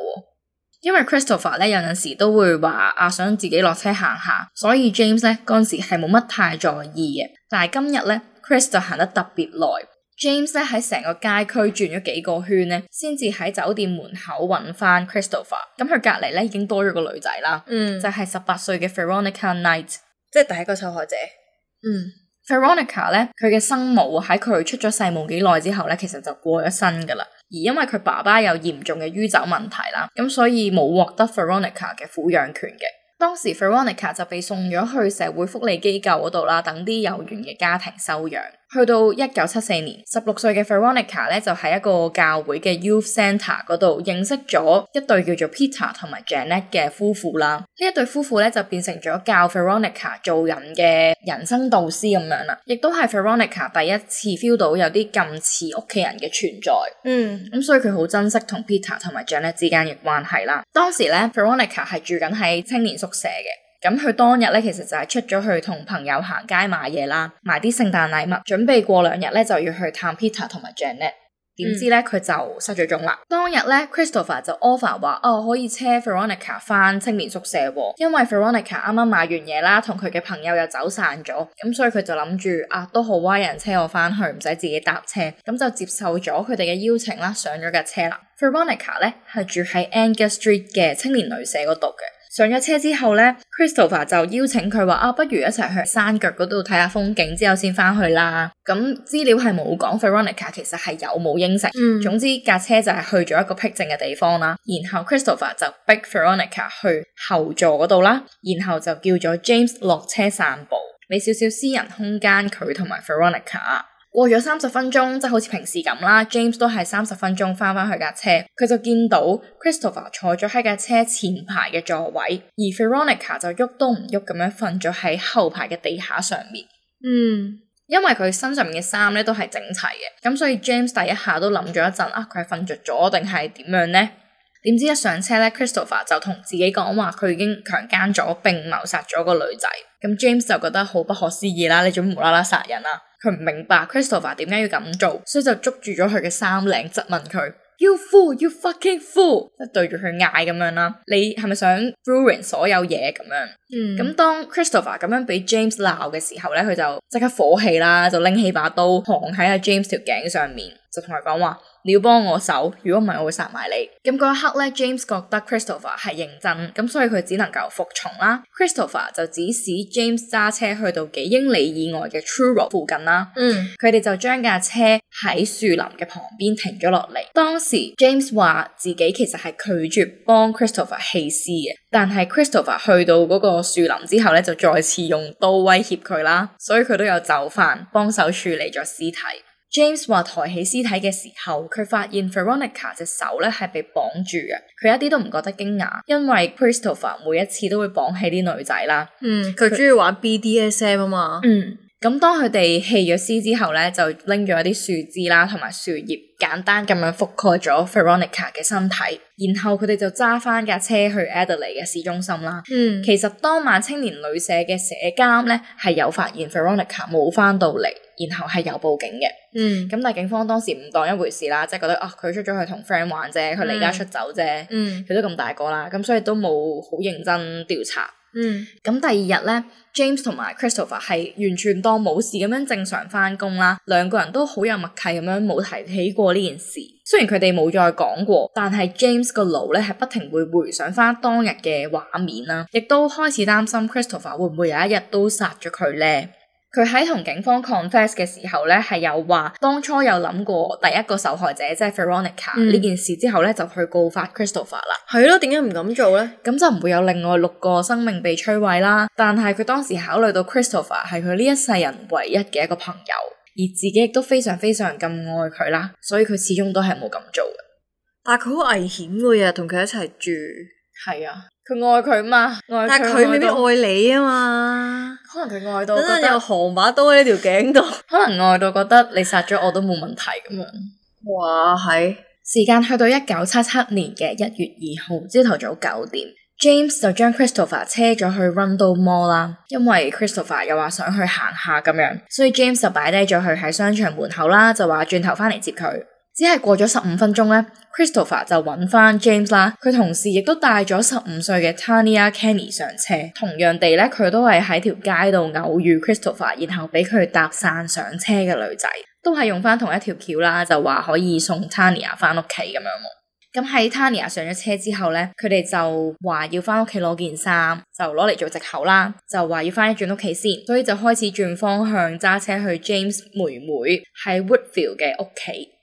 因為 Christopher 咧有陣時都會話啊，想自己落車行下，所以 James 咧嗰陣時係冇乜太在意嘅。但係今日咧，Chris 就行得特別耐。James 咧，喺成個街區轉咗幾個圈咧，先至喺酒店門口揾翻 Christopher。咁佢隔籬咧已經多咗個女仔啦，嗯、就係十八歲嘅 Veronica Knight，即係第一個受害者。嗯，Veronica 咧，佢嘅生母喺佢出咗世冇幾耐之後咧，其實就過咗身噶啦。而因為佢爸爸有嚴重嘅酗酒問題啦，咁所以冇獲得 Veronica 嘅撫養權嘅。當時 Veronica 就被送咗去社會福利機構嗰度啦，等啲有緣嘅家庭收養。去到一九七四年，十六歲嘅 Veronica 咧就喺一個教會嘅 Youth Center 嗰度認識咗一對叫做 Peter 同埋 Janet 嘅夫婦啦。呢一對夫婦咧就變成咗教 Veronica 做人嘅人生導師咁樣啦，亦都係 Veronica 第一次 feel 到有啲近似屋企人嘅存在。嗯，咁、嗯、所以佢好珍惜同 Peter 同埋 Janet 之間嘅關係啦。當時咧 Veronica 係住緊喺青年宿舍嘅。咁佢當日咧，其實就係出咗去同朋友行街買嘢啦，買啲聖誕禮物，準備過兩日咧就要去探 Peter 同埋 Janet。點知咧佢就失咗蹤啦。當日咧，Christopher 就 offer 話啊，哦、可以車 Veronica 翻青年宿舍，啊，因為 Veronica 啱啱買完嘢啦，同佢嘅朋友又走散咗，咁所以佢就諗住啊，都好威人車我翻去，唔使自己搭車，咁就接受咗佢哋嘅邀請啦，上咗架車啦。Veronica 咧係住喺 Angus Street 嘅青年旅社嗰度嘅。上咗車之後呢 Christopher 就邀請佢話：啊，不如一齊去山腳嗰度睇下風景之後先翻去啦。咁、嗯、資、嗯、料係冇講 Veronica 其實係有冇應承。總之架車就係去咗一個僻靜嘅地方啦。然後 Christopher 就逼 Veronica 去後座嗰度啦，然後就叫咗 James 落車散步，俾少少私人空間佢同埋 Veronica。過咗三十分鐘，即係好似平時咁啦。James 都係三十分鐘翻翻去架車，佢就見到 Christopher 坐咗喺架車前排嘅座位，而 Veronica 就喐都唔喐咁樣瞓咗喺後排嘅地下上面。嗯，因為佢身上面嘅衫咧都係整齊嘅，咁所以 James 第一下都諗咗一陣啊，佢係瞓着咗定係點樣呢？點知一上車咧，Christopher 就同自己講話，佢已經強姦咗並謀殺咗個女仔。咁 James 就覺得好不可思議啦，你做咩無啦啦殺人啊？佢唔明白 Christopher 點解要咁做，所以就捉住咗佢嘅衫領質問佢，You fool，you fucking fool，一 對住佢嗌咁樣啦，你係咪想 ruin 所有嘢咁樣，嗯？咁當 Christopher 咁樣俾 James 鬧嘅時候咧，佢就即刻火氣啦，就拎起把刀扛喺阿 James 條頸上面。就同佢講話你要幫我手，如果唔係我會殺埋你。咁嗰一刻咧，James 覺得 Christopher 係認真，咁所以佢只能夠服從啦。Christopher 就指使 James 揸車去到幾英里以外嘅 Truro 附近啦。嗯，佢哋就將架車喺樹林嘅旁邊停咗落嚟。當時 James 話自己其實係拒絕幫 Christopher 棄屍嘅，但係 Christopher 去到嗰個樹林之後咧，就再次用刀威脅佢啦，所以佢都有就範，幫手處理咗屍體。James 話抬起屍體嘅時候，佢發現 Veronica 隻手咧係被綁住嘅，佢一啲都唔覺得驚訝，因為 Christopher 每一次都會綁起啲女仔啦。嗯，佢中意玩 BDSM 啊嘛。嗯。咁當佢哋棄咗屍之後咧，就拎咗一啲樹枝啦，同埋樹葉，簡單咁樣覆蓋咗 Veronica 嘅身體，然後佢哋就揸翻架車去 Adelaide 嘅市中心啦。嗯，其實當晚青年旅社嘅社監咧係有發現 Veronica 冇翻到嚟，然後係有報警嘅。嗯，咁但係警方當時唔當一回事啦，即係覺得啊，佢、哦、出咗去同 friend 玩啫，佢離家出走啫。嗯，佢都咁大個啦，咁所以都冇好認真調查。嗯，咁第二日咧。James 同埋 Christopher 係完全當冇事咁樣正常翻工啦，兩個人都好有默契咁樣冇提起過呢件事。雖然佢哋冇再講過，但係 James 個腦呢係不停會回想翻當日嘅畫面啦，亦都開始擔心 Christopher 會唔會有一日都殺咗佢呢。佢喺同警方 confess 嘅時候咧，係有話當初有諗過第一個受害者即係 Veronica 呢、嗯、件事之後咧，就去告發 Christopher 啦。係咯，點解唔敢做唔咁做咧？咁就唔會有另外六個生命被摧毀啦。但係佢當時考慮到 Christopher 係佢呢一世人唯一嘅一個朋友，而自己亦都非常非常咁愛佢啦，所以佢始終都係冇咁做嘅。但係佢好危險嘅，日日同佢一齊住。係啊，佢愛佢嘛？愛佢愛佢但係佢未必愛你啊嘛。可能佢愛到，覺得有河馬刀喺呢條頸度。可能愛到覺得你殺咗我都冇問題咁樣。哇！係時間去到一九七七年嘅一月二號朝頭早九點，James 就將 Christopher 車咗去 Rundle Mall 啦，因為 Christopher 又話想去行下咁樣，所以 James 就擺低咗佢喺商場門口啦，就話轉頭翻嚟接佢。只係過咗十五分鐘咧，Christopher 就揾翻 James 啦。佢同時亦都帶咗十五歲嘅 Tania Kenny 上車。同樣地咧，佢都係喺條街度偶遇 Christopher，然後俾佢搭訕上車嘅女仔，都係用翻同一條橋啦，就話可以送 Tania 翻屋企咁樣喎。咁喺 Tania 上咗車之後咧，佢哋就話要翻屋企攞件衫，就攞嚟做藉口啦。就話要翻一轉屋企先，所以就開始轉方向揸車去 James 妹妹喺 Woodville 嘅屋企。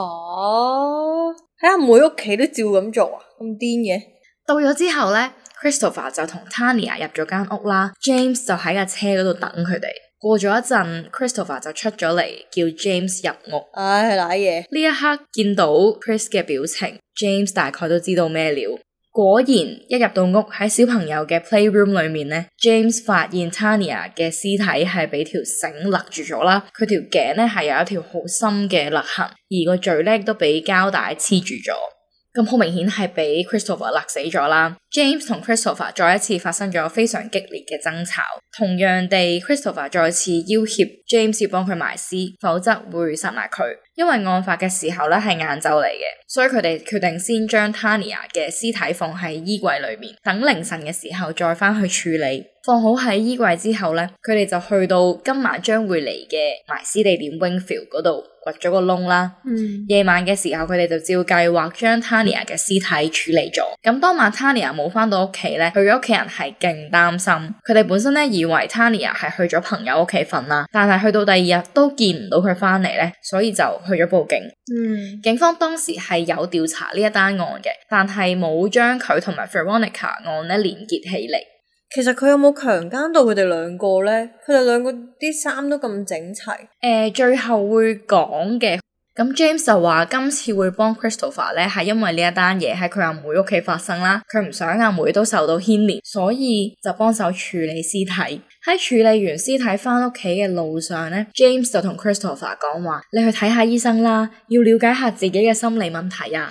哦，喺阿妹屋企都照咁做啊，咁癲嘅。到咗之後呢，Christopher 就同 Tania 入咗間屋啦，James 就喺架車嗰度等佢哋。過咗一陣，Christopher 就出咗嚟，叫 James 入屋。唉、哎，瀨嘢。呢一刻見到 Chris 嘅表情，James 大概都知道咩了。果然一入到屋喺小朋友嘅 playroom 裏面咧，James 發現 Tania 嘅屍體係俾條繩勒住咗啦，佢條頸咧係有一條好深嘅勒痕，而個嘴咧都俾膠帶黐住咗。咁好明顯係俾 Christopher 勒死咗啦。James 同 Christopher 再一次發生咗非常激烈嘅爭吵，同樣地，Christopher 再次要挾 James 要幫佢埋屍，否則會殺埋佢。因為案發嘅時候呢係晏晝嚟嘅，所以佢哋決定先將 Tania 嘅屍體放喺衣櫃裏面，等凌晨嘅時候再返去處理。放好喺衣櫃之後咧，佢哋就去到今晚將會嚟嘅埋屍地點 Wingfield 嗰度掘咗個窿啦。嗯、夜晚嘅時候，佢哋就照計劃將 Tania 嘅屍體處理咗。咁當晚 Tania 冇翻到屋企咧，佢嘅屋企人係勁擔心。佢哋本身咧以為 Tania 係去咗朋友屋企瞓啦，但係去到第二日都見唔到佢翻嚟咧，所以就去咗報警。嗯、警方當時係有調查呢一單案嘅，但係冇將佢同埋 Veronica 案咧連結起嚟。其實佢有冇強姦到佢哋兩個咧？佢哋兩個啲衫都咁整齊。誒，最後會講嘅。咁 James 就話今次會幫 Christopher 咧，係因為呢一單嘢喺佢阿妹屋企發生啦。佢唔想阿妹都受到牽連，所以就幫手處理屍體。喺處理完屍體翻屋企嘅路上咧，James 就同 Christopher 講話：你去睇下醫生啦，要了解下自己嘅心理問題啊。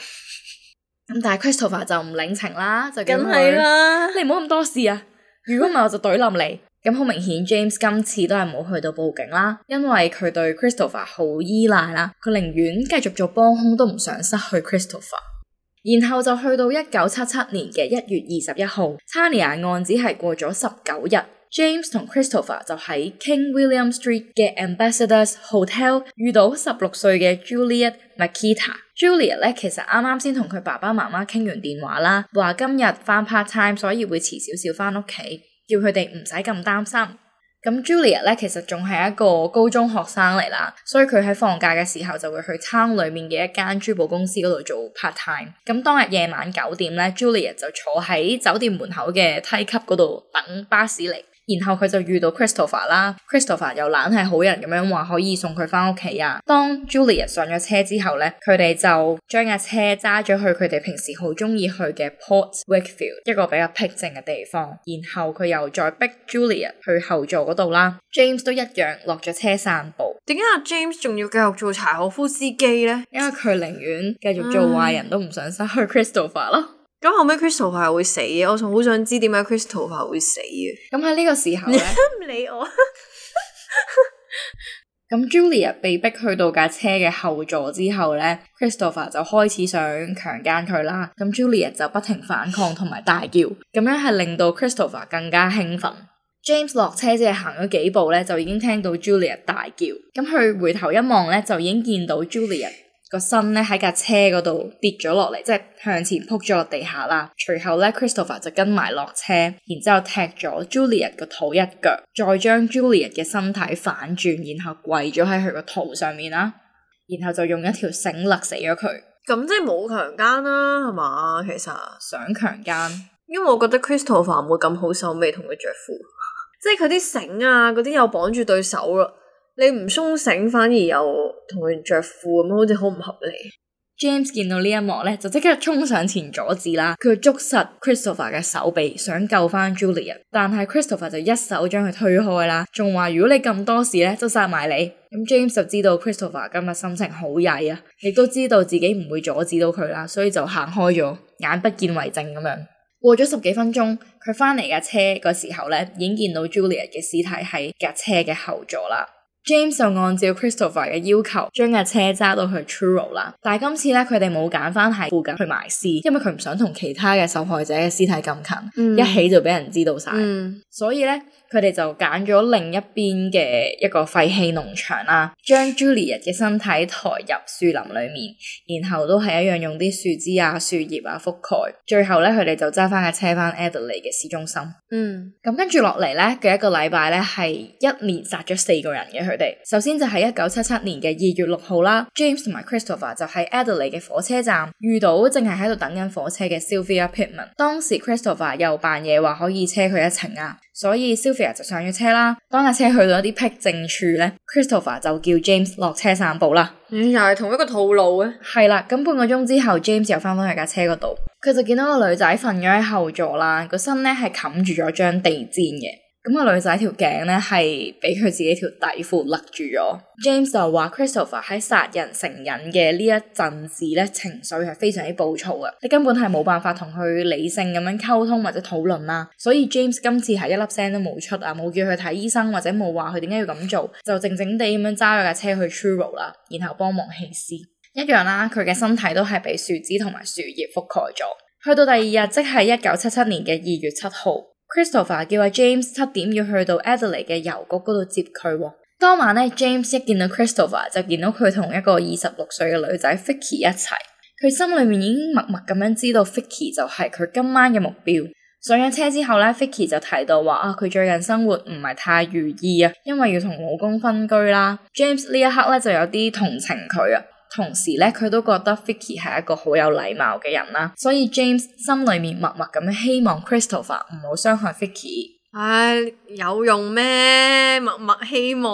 咁 但係 Christopher 就唔領情啦，就梗係啦，你唔好咁多事啊。如果唔係我就懟冧你，咁好明顯 James 今次都係冇去到報警啦，因為佢對 Christopher 好依賴啦，佢寧願繼續做幫兇都唔想失去 Christopher，然後就去到一九七七年嘅一月二十一號，Tania 案只係過咗十九日。James 同 Christopher 就喺 King William Street 嘅 Ambassadors Hotel 遇到十六歲嘅 Juliet Makita。Juliet 咧其實啱啱先同佢爸爸媽媽傾完電話啦，話今日返 part time，所以會遲少少返屋企，叫佢哋唔使咁擔心。咁 Juliet 咧其實仲係一個高中學生嚟啦，所以佢喺放假嘅時候就會去 town 裏面嘅一間珠寶公司嗰度做 part time。咁當日夜晚九點咧，Juliet 就坐喺酒店門口嘅梯級嗰度等巴士嚟。然後佢就遇到 Christopher 啦，Christopher 又懶係好人咁樣話可以送佢翻屋企啊。當 Julia 上咗車之後咧，佢哋就將架車揸咗去佢哋平時好中意去嘅 Port Wakefield 一個比較僻靜嘅地方。然後佢又再逼 Julia 去後座嗰度啦。James 都一樣落咗車散步。點解阿 James 仲要繼續做柴可夫斯基咧？因為佢寧願繼續做壞人、嗯、都唔想失去 Christopher 啦。咁後尾 Christopher 會死嘅，我仲好想知點解 Christopher 會死嘅。咁喺呢個時候咧，唔 不理我。咁 Julia 被逼去到架車嘅後座之後咧，Christopher 就開始想強奸佢啦。咁 Julia 就不停反抗同埋大叫，咁樣係令到 Christopher 更加興奮。James 落車只係行咗幾步咧，就已經聽到 Julia 大叫。咁佢回頭一望咧，就已經見到 Julia。個身咧喺架車嗰度跌咗落嚟，即係向前撲咗落地下啦。隨後咧，Christopher 就跟埋落車，然之後踢咗 Julia 個肚一腳，再將 Julia 嘅身體反轉，然後跪咗喺佢個肚上面啦，然後就用一條繩勒死咗佢。咁即係冇強奸啦、啊，係嘛？其實想強奸，因為我覺得 Christopher 唔會咁好手尾同佢着褲，即係佢啲繩啊，嗰啲又綁住對手啦、啊。你唔鬆醒，反而又同佢着褲咁，好似好唔合理。James 見到呢一幕呢，就即刻衝上前阻止啦。佢捉實 Christopher 嘅手臂，想救翻 Julia，但係 Christopher 就一手將佢推開啦，仲話如果你咁多事呢，就殺埋你。咁 James 就知道 Christopher 今日心情好曳啊，亦都知道自己唔會阻止到佢啦，所以就行開咗，眼不見為淨咁樣。過咗十幾分鐘，佢翻嚟架車嘅時候呢，已經見到 Julia 嘅屍體喺架車嘅後座啦。James 就按照 Christopher 嘅要求，將架車揸到去 Truro 啦。但係今次呢，佢哋冇揀翻喺附近去埋屍，因為佢唔想同其他嘅受害者嘅屍體咁近，嗯、一起就俾人知道晒。嗯、所以呢。佢哋就揀咗另一邊嘅一個廢棄農場啦，將 Julia 嘅身體抬入樹林裏面，然後都係一樣用啲樹枝啊、樹葉啊覆蓋。最後咧，佢哋就揸翻架車翻 Adelaide 嘅市中心。嗯，咁跟住落嚟咧嘅一個禮拜咧，係一連殺咗四個人嘅佢哋。首先就係一九七七年嘅二月六號啦，James 同埋 Christopher 就喺 Adelaide 嘅火車站遇到正係喺度等緊火車嘅 Sylvia Pitman。當時 Christopher 又扮嘢話可以車佢一程啊。所以 Sophia 就上咗車啦。當架車去到一啲僻靜處呢 Christopher 就叫 James 落車散步啦。嗯，又係同一個套路嘅、啊。係啦，咁半個鐘之後，James 又翻返去架車嗰度，佢就見到個女仔瞓咗喺後座啦，個身呢係冚住咗張地毯嘅。咁個女仔條頸咧，係俾佢自己條底褲勒住咗。James 就話 Christopher 喺殺人成癮嘅呢一陣時咧，情緒係非常之暴躁嘅，你根本係冇辦法同佢理性咁樣溝通或者討論啦。所以 James 今次係一粒聲都冇出啊，冇叫佢睇醫生或者冇話佢點解要咁做，就靜靜地咁樣揸咗架車去 Truro 啦，然後幫忙棄屍。一樣啦，佢嘅身體都係俾樹枝同埋樹葉覆蓋咗。去到第二日，即係一九七七年嘅二月七號。Christopher 叫阿 James 七點要去到 Adelaide 嘅郵局嗰度接佢哦。當晚呢 James 一見到 Christopher 就見到佢同一個二十六歲嘅女仔 Vicky 一齊。佢心裏面已經默默咁樣知道 Vicky 就係佢今晚嘅目標。上咗車之後呢 Vicky 就提到話啊，佢最近生活唔係太如意啊，因為要同老公分居啦。James 呢一刻呢，就有啲同情佢啊。同時咧，佢都覺得 Vicky 係一個好有禮貌嘅人啦，所以 James 心裏面默默咁希望 Christopher 唔好傷害 Vicky。唉、哎，有用咩？默默希望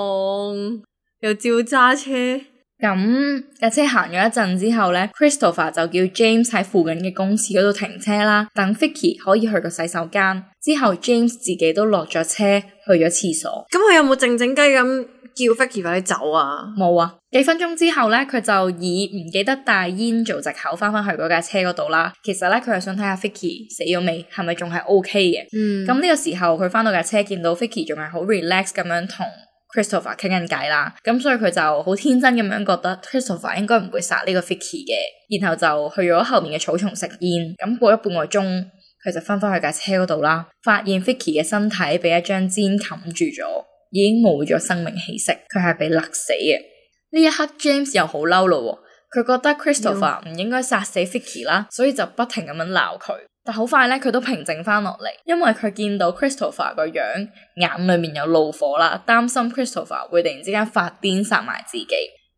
又照揸車。咁架車行咗一陣之後咧，Christopher 就叫 James 喺附近嘅公司嗰度停車啦，等 Vicky 可以去個洗手間。之後 James 自己都落咗車去咗廁所。咁佢有冇靜靜雞咁叫 Vicky 快啲走啊？冇啊。幾分鐘之後咧，佢就以唔記得帶煙做藉口，翻返去嗰架車嗰度啦。其實咧，佢係想睇下 Vicky 死咗未，係咪仲係 OK 嘅。嗯、咁呢個時候，佢翻到架車，見到 Vicky 仲係好 relax 咁樣同 Christopher 傾緊偈啦。咁所以佢就好天真咁樣覺得 Christopher 應該唔會殺呢個 Vicky 嘅。然後就去咗後面嘅草叢食煙。咁過咗半個鐘，佢就翻返去架車嗰度啦，發現 Vicky 嘅身體被一張氈冚住咗，已經冇咗生命氣息，佢係被勒死嘅。呢一刻 James 又好嬲咯，佢覺得 Christopher 唔 Yeah. 應該殺死 Vicky 啦，所以就不停咁樣鬧佢。但好快呢，佢都平靜翻落嚟，因為佢見到 Christopher 個樣眼裏面有怒火啦，擔心 Christopher 會突然之間發癲殺埋自己，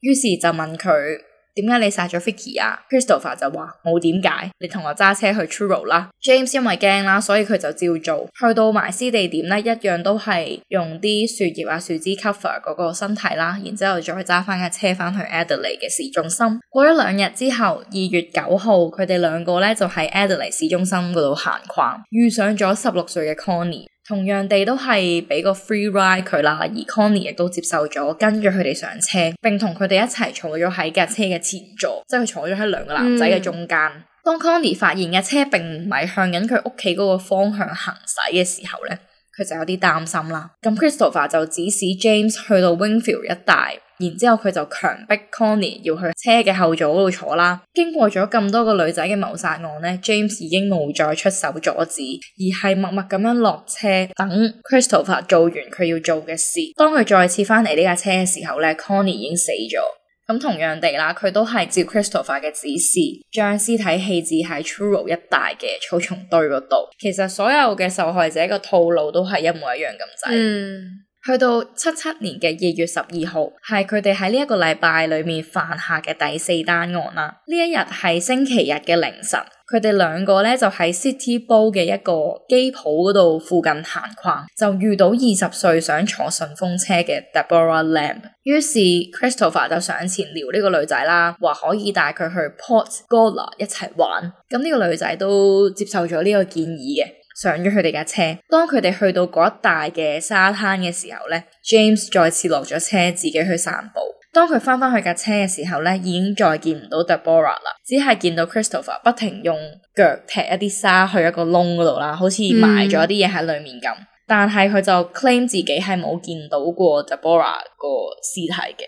於是就問佢。點解你殺咗 Vicky 啊？Christopher 就話冇點解，你同我揸車去 Truro 啦。James 因為驚啦，所以佢就照做。去到埋屍地點咧，一樣都係用啲樹葉啊樹枝 cover 嗰個身體啦，然之後再去揸翻架車翻去 Adelaide 嘅市中心。過咗兩日之後，二月九號，佢哋兩個咧就喺 Adelaide 市中心嗰度行逛，遇上咗十六歲嘅 Connie。同樣地都係俾個 free ride 佢啦，而 Connie 亦都接受咗，跟住佢哋上車，並同佢哋一齊坐咗喺架車嘅前座，即係佢坐咗喺兩個男仔嘅中間。嗯、當 Connie 發現架車並唔係向緊佢屋企嗰個方向行駛嘅時候咧，佢就有啲擔心啦。咁 Christopher 就指使 James 去到 Wingfield 一帶。然之後佢就強迫 Connie 要去車嘅後座嗰度坐啦。經過咗咁多個女仔嘅謀殺案咧，James 已經冇再出手阻止，而係默默咁樣落車等 Christopher 做完佢要做嘅事。當佢再次翻嚟呢架車嘅時候咧，Connie 已經死咗。咁同樣地啦，佢都係照 Christopher 嘅指示，將屍體棄置喺 Truro 一帶嘅草叢堆嗰度。其實所有嘅受害者個套路都係一模一樣咁滯。嗯去到七七年嘅二月十二號，係佢哋喺呢一個禮拜裏面犯下嘅第四單案啦。呢一日係星期日嘅凌晨，佢哋兩個呢就喺 City Bowl 嘅一個機鋪嗰度附近行逛，就遇到二十歲想坐順風車嘅 Deborah Lamb。於是 Christopher 就上前撩呢個女仔啦，話可以帶佢去 Port Gawler 一齊玩。咁呢個女仔都接受咗呢個建議嘅。上咗佢哋架車，當佢哋去到嗰一帶嘅沙灘嘅時候咧，James 再次落咗車，自己去散步。當佢翻翻去架車嘅時候咧，已經再見唔到 Deborah 啦，只係見到 Christopher 不停用腳踢一啲沙去一個窿嗰度啦，好似埋咗啲嘢喺裏面咁。嗯。但係佢就 claim 自己係冇見到過 Deborah 個屍體嘅。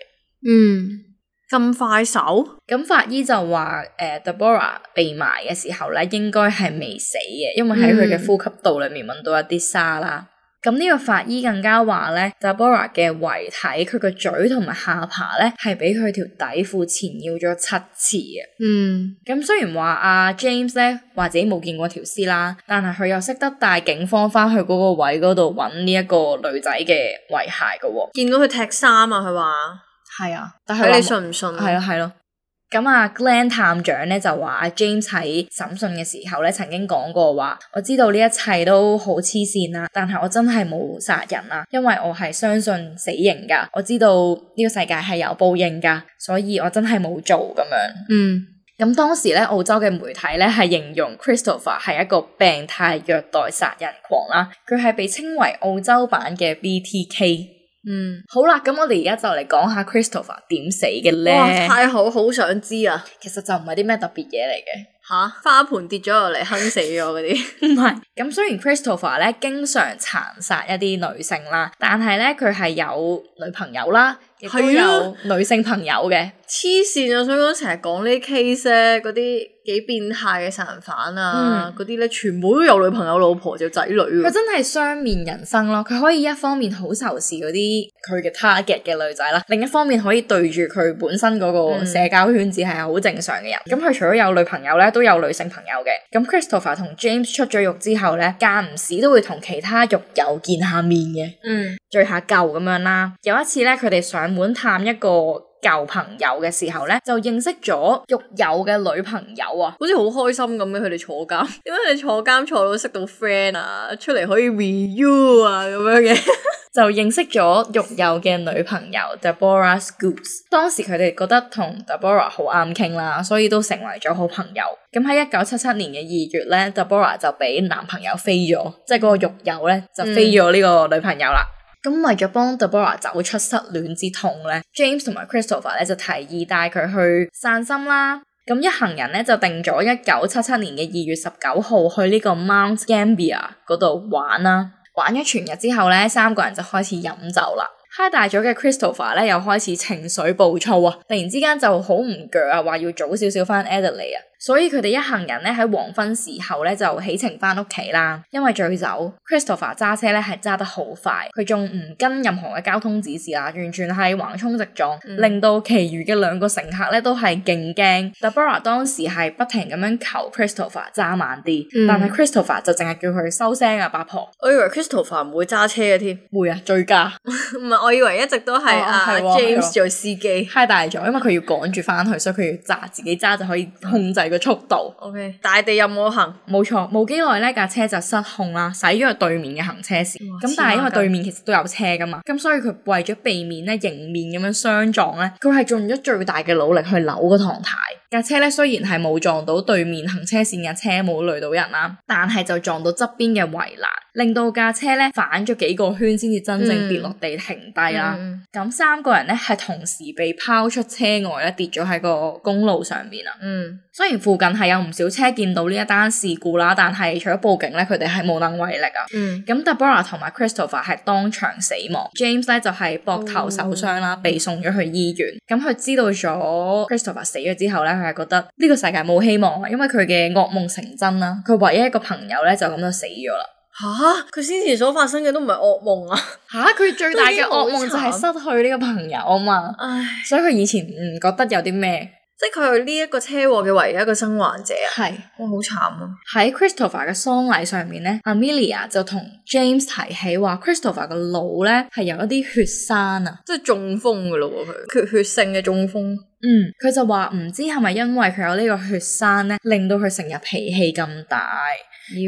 嗯。咁快手，咁法醫就話誒、呃、d a b o r a 被埋嘅時候咧，應該係未死嘅，因為喺佢嘅呼吸道裏面揾到一啲沙啦。咁呢、嗯、個法醫更加話咧 d a b o r a 嘅遺體，佢個嘴同埋下巴咧，係俾佢條底褲纏繞咗七次嘅。嗯，咁雖然話阿、啊、James 咧話自己冇見過條屍啦，但係佢又識得帶警方翻去嗰個位嗰度揾呢一個女仔嘅遺骸噶、哦。見到佢踢衫啊，佢話。係啊，但係你信唔信啊？係咯、啊，係咯、啊。咁啊，啊，Glenn 探長咧就話阿 James 喺審訊嘅時候咧，曾經講過話，我知道呢一切都好黐線啦，但係我真係冇殺人啊，因為我係相信死刑噶，我知道呢個世界係有報應噶，所以我真係冇做咁樣。嗯，咁當時咧，澳洲嘅媒體咧係形容 Christopher 係一個病態虐待殺人狂啦、啊，佢係被稱為澳洲版嘅 BTK。嗯，好啦，咁我哋而家就嚟講下 Christopher 點死嘅咧。哇，太好，好想知啊！其實就唔係啲咩特別嘢嚟嘅吓，哈花盆跌咗落嚟，坑 死咗嗰啲，唔係是。咁雖然 Christopher 咧經常殘殺一啲女性啦，但係咧佢係有女朋友啦，亦都有女性朋友嘅。黐線啊！我想講成日講呢啲 case 嗰啲。幾變態嘅殺人犯啊！嗰啲咧全部都有女朋友、老婆、仔女。佢真係雙面人生咯。佢可以一方面好仇視嗰啲佢嘅 target 嘅女仔啦，另一方面可以對住佢本身嗰個社交圈子係好正常嘅人。咁佢、嗯、除咗有女朋友咧，都有女性朋友嘅。咁 Christopher 同 James 出咗獄之後咧，間唔時都會同其他獄友見下面嘅，嗯，聚下舊咁樣啦。有一次咧，佢哋上門探一個舊朋友嘅時候咧，就認識咗獄友嘅女朋友啊，好似好開心咁嘅。佢哋坐監，點解佢哋坐監坐到識到 friend 啊？出嚟可以 re you 啊，咁樣嘅， 就認識咗獄友嘅女朋友 Deborah Scoops，當時佢哋覺得同 Deborah 好啱傾啦，所以都成為咗好朋友。咁喺一九七七年嘅二月咧，Deborah 就俾男朋友飛咗，即係嗰個獄友咧就飛咗呢個女朋友啦。咁為咗幫 Deborah 走出失戀之痛咧，James 同埋 Christopher 咧就提議帶佢去散心啦。咁一行人咧就定咗一九七七年嘅二月十九號去呢個 Mount Gambier 嗰度玩啦。玩咗全日之後咧，三個人就開始飲酒啦。嗨大咗嘅 Christopher 咧又開始情緒暴躁啊！突然之間就好唔鋸啊，話要早少少返 Adelaide。所以佢哋一行人咧喺黃昏時候咧就起程翻屋企啦。因為醉酒，Christopher 揸車咧係揸得好快，佢仲唔跟任何嘅交通指示啦，完全係橫衝直撞，嗯、令到其餘嘅兩個乘客咧都係勁驚。Dorothy 當時係不停咁樣求 Christopher 揸慢啲，嗯、但係 Christopher 就淨係叫佢收聲啊，八婆。我以為 Christopher 唔會揸車嘅添，會啊，醉駕。唔係， 我以為一直都係、哦、啊、哦、James、哦、做司機，嗨大咗，因為佢要趕住翻去，所以佢要揸自己揸就可以控制。 速度，OK，大地有冇行？冇錯，冇幾耐咧，架車就失控啦，駛咗去對面嘅行車線。咁哇但係因為對面其實都有車噶嘛，咁噢所以佢為咗避免咧迎面咁樣相撞呢，佢係盡咗最大嘅努力去扭個唐太。架車咧，雖然係冇撞到對面行車線嘅車，冇累到人啦、啊，但係就撞到側邊嘅圍欄，令到架車咧反咗幾個圈先至真正跌落地停低啦、啊。咁、嗯嗯、三個人咧係同時被拋出車外咧，跌咗喺個公路上面啊。嗯，所以。附近係有唔少車見到呢一單事故啦，但係除咗報警咧，佢哋係無能為力啊。嗯，咁 Deborah 同埋 Christopher 係當場死亡，James 咧就係膊頭受傷啦，哦、被送咗去醫院。咁佢知道咗 Christopher 死咗之後咧，佢係覺得呢個世界冇希望啊，因為佢嘅噩夢成真啦。佢唯一一個朋友咧就咁就死咗啦。吓，佢先前所發生嘅都唔係噩夢啊。吓，佢最大嘅噩夢就係失去呢個朋友啊嘛。唉，所以佢以前唔覺得有啲咩。即係佢係呢一個車禍嘅唯一一個生還者，係是，哇好慘啊！喺 Christopher 嘅喪禮上面咧，Amelia 就同 James 提起話 Christopher 嘅腦咧係有一啲血栓啊，即係中風噶咯佢，缺血性嘅中風。嗯，佢就話唔知係咪因為佢有呢個血栓咧，令到佢成日脾氣咁大，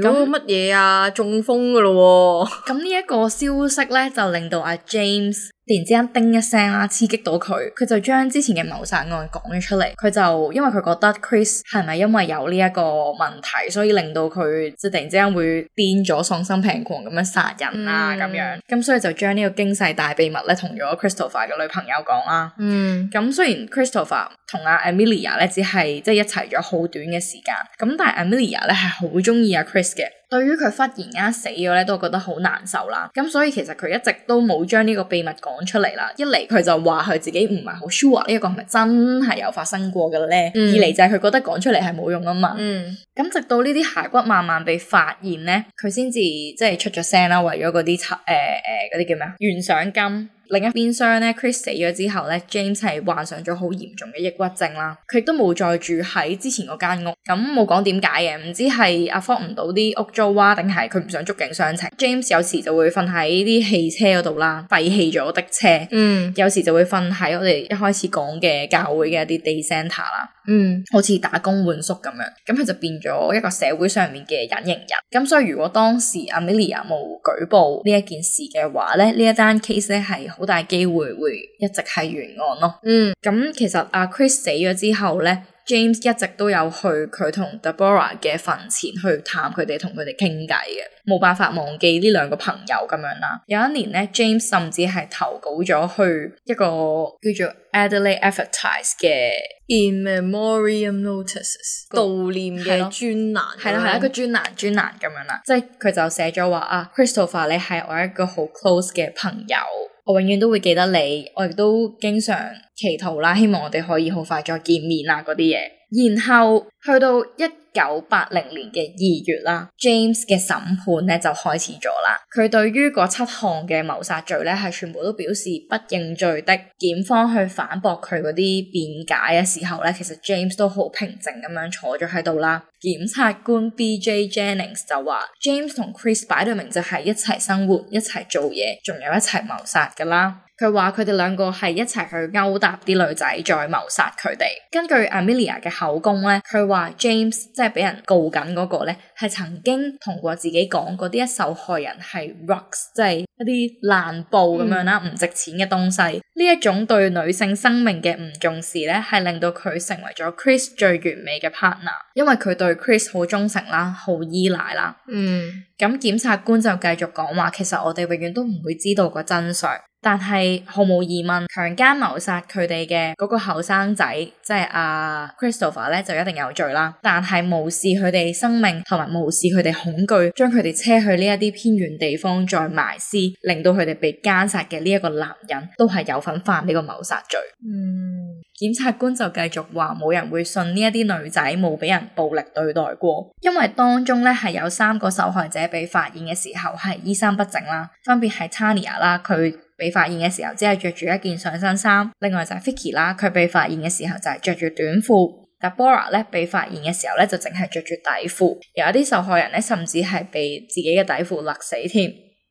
咁乜嘢啊中風噶咯？咁呢一個消息咧就令到阿 James。突然之間叮一聲啦，刺激到佢，佢就將之前嘅謀殺案講咗出嚟。佢就因為佢覺得 Chris 係咪因為有呢一個問題，所以令到佢即突然之間會癲咗喪心病狂咁樣殺人啊，咁、嗯、樣，咁所以就將呢個驚世大秘密咧同咗 Christopher 嘅女朋友講啦。咁、嗯、雖然 Christopher 同阿 Emilia 咧只係即係一齊咗好短嘅時間，咁但係 Emilia 咧係好中意阿 Chris 嘅。對於佢忽然間、啊、死咗咧，都覺得好難受啦。咁所以其實佢一直都冇將呢個秘密講出嚟啦。一嚟佢就話佢自己唔係好 sure 呢個係咪真係有發生過嘅咧。嗯、二嚟就係佢覺得講出嚟係冇用啊嘛。咁、嗯、直到呢啲骸骨慢慢被發現咧，佢先至即係出咗聲啦，為咗嗰啲誒誒嗰啲叫咩啊懸賞金。另一邊廂咧，Chris 死咗之後咧，James 係患上咗好嚴重嘅抑鬱症啦。佢亦都冇再住喺之前嗰間屋，咁冇講點解嘅，唔知係 afford 唔到啲屋租啊，定係佢唔想觸景傷情。James 有時就會瞓喺啲汽車嗰度啦，廢棄咗的車。嗯，有時就會瞓喺我哋一開始講嘅教會嘅一啲 day center 啦。嗯，好似打工換宿咁樣，咁佢就變咗一個社會上面嘅隱形人。咁所以如果當時阿 Millie 冇舉報呢一件事嘅話咧，呢一單 case 咧係，好大機會會一直係懸案咯。嗯，咁其實阿、啊、Chris 死咗之後咧，James 一直都有去佢同 Deborah 嘅墳前去探佢哋，同佢哋傾偈嘅，冇辦法忘記呢兩個朋友咁樣啦。有一年咧，James 甚至係投稿咗去一個叫做 Adelaide Advertiser 嘅 In Memoriam Notices 那悼念嘅專欄，係啦，係一個專欄專欄，咁樣啦。即係佢就寫咗話啊，Christopher，你係我一個好 close 嘅朋友。我永遠都會記得你，我亦都經常祈禱啦，希望我哋可以好快再見面啊，嗰啲嘢。然後去到一九八零年嘅二月啦，James 嘅審判咧就開始咗啦。佢對於嗰七項嘅謀殺罪咧係全部都表示不認罪的。檢方去反駁佢嗰啲辯解嘅時候咧，其實 James 都好平靜咁樣坐咗喺度啦。檢察官 B. J. Jennings 就話：James 同 Chris 擺到明就係一齊生活，一齊做嘢，仲有一齊謀殺㗎啦。佢話佢哋兩個係一齊去勾搭啲女仔，再謀殺佢哋。根據 Amelia 嘅口供咧，佢話 James 即係俾人告緊嗰個咧，係曾經同過自己講過啲受害人係 Rocks，即係一啲爛布咁樣啦，嗯。唔值錢嘅東西。呢一種對女性生命嘅唔重視咧，係令到佢成為咗 Chris 最完美嘅 partner，因為佢對 Chris 好忠誠啦，好依賴啦。嗯。咁檢察官就繼續講話，其實我哋永遠都唔會知道個真相。但係毫無疑問，強姦謀殺佢哋嘅嗰個後生仔，即係、啊、阿 Christopher 咧，就一定有罪啦。但係無視佢哋生命同埋無視佢哋恐懼，將佢哋車去呢一啲偏遠地方再埋屍，令到佢哋被奸殺嘅呢一個男人，都係有份犯呢個謀殺罪。嗯，檢察官就繼續話冇人會信呢一啲女仔冇俾人暴力對待過，因為當中咧係有三個受害者被發現嘅時候係衣衫不整啦，分別係 Tania 啦，佢，被發現嘅時候，只係着住一件上身衫。另外就係 Vicky 啦，佢被發現嘅時候就係着住短褲。但 Bora 咧被發現嘅時候咧，就淨係着住底褲。有一啲受害人咧，甚至係被自己嘅底褲勒死添。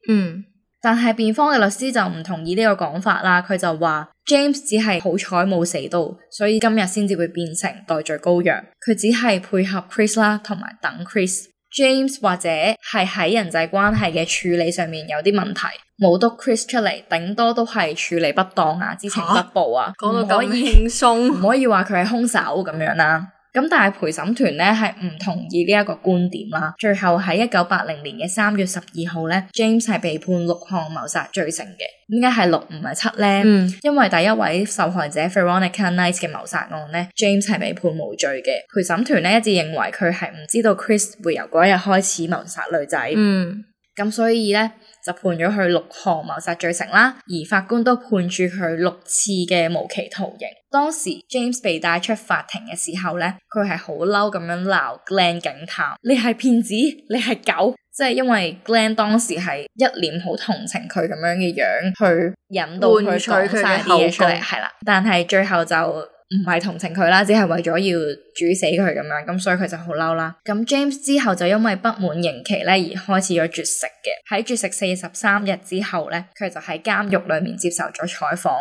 嗯，但係辯方嘅律師就唔同意呢個講法啦。佢就話 James 只係好彩冇死到，所以今日先至會變成代罪羔羊。佢只係配合 Chris 啦，同埋等 Chris。James 或者係喺人際關係嘅處理上面有啲問題，冇篤 Chris 出嚟，頂多都係處理不當啊，知情不報啊，講到咁輕鬆，唔可以話佢係兇手咁樣啦、啊。咁但係陪審團咧係唔同意呢一個觀點啦，最後喺一九八零年嘅三月十二號咧，James 係被判六項謀殺罪成嘅，點解係六唔係七咧？嗯、因為第一位受害者 Veronica Knight 嘅謀殺案咧，James 係被判無罪嘅，陪審團咧一直認為佢係唔知道 Chris 會由嗰一日開始謀殺女仔，咁、嗯、所以咧。就判咗佢六項謀殺罪成啦，而法官都判處佢六次嘅無期徒刑。當時 James 被帶出法庭嘅時候咧，佢係好嬲咁樣鬧 Glen 警探，你係騙子，你係狗，即係因為 Glen 當時係一臉好同情佢咁樣嘅樣去引導佢講晒啲嘢出嚟，係啦，但係最後就。唔係同情佢啦，只係為咗要煮死佢咁樣，咁所以佢就好嬲啦。咁 James 之後就因為不滿刑期咧，而開始咗絕食嘅。喺絕食四十三日之後咧，佢就喺監獄裏面接受咗採訪。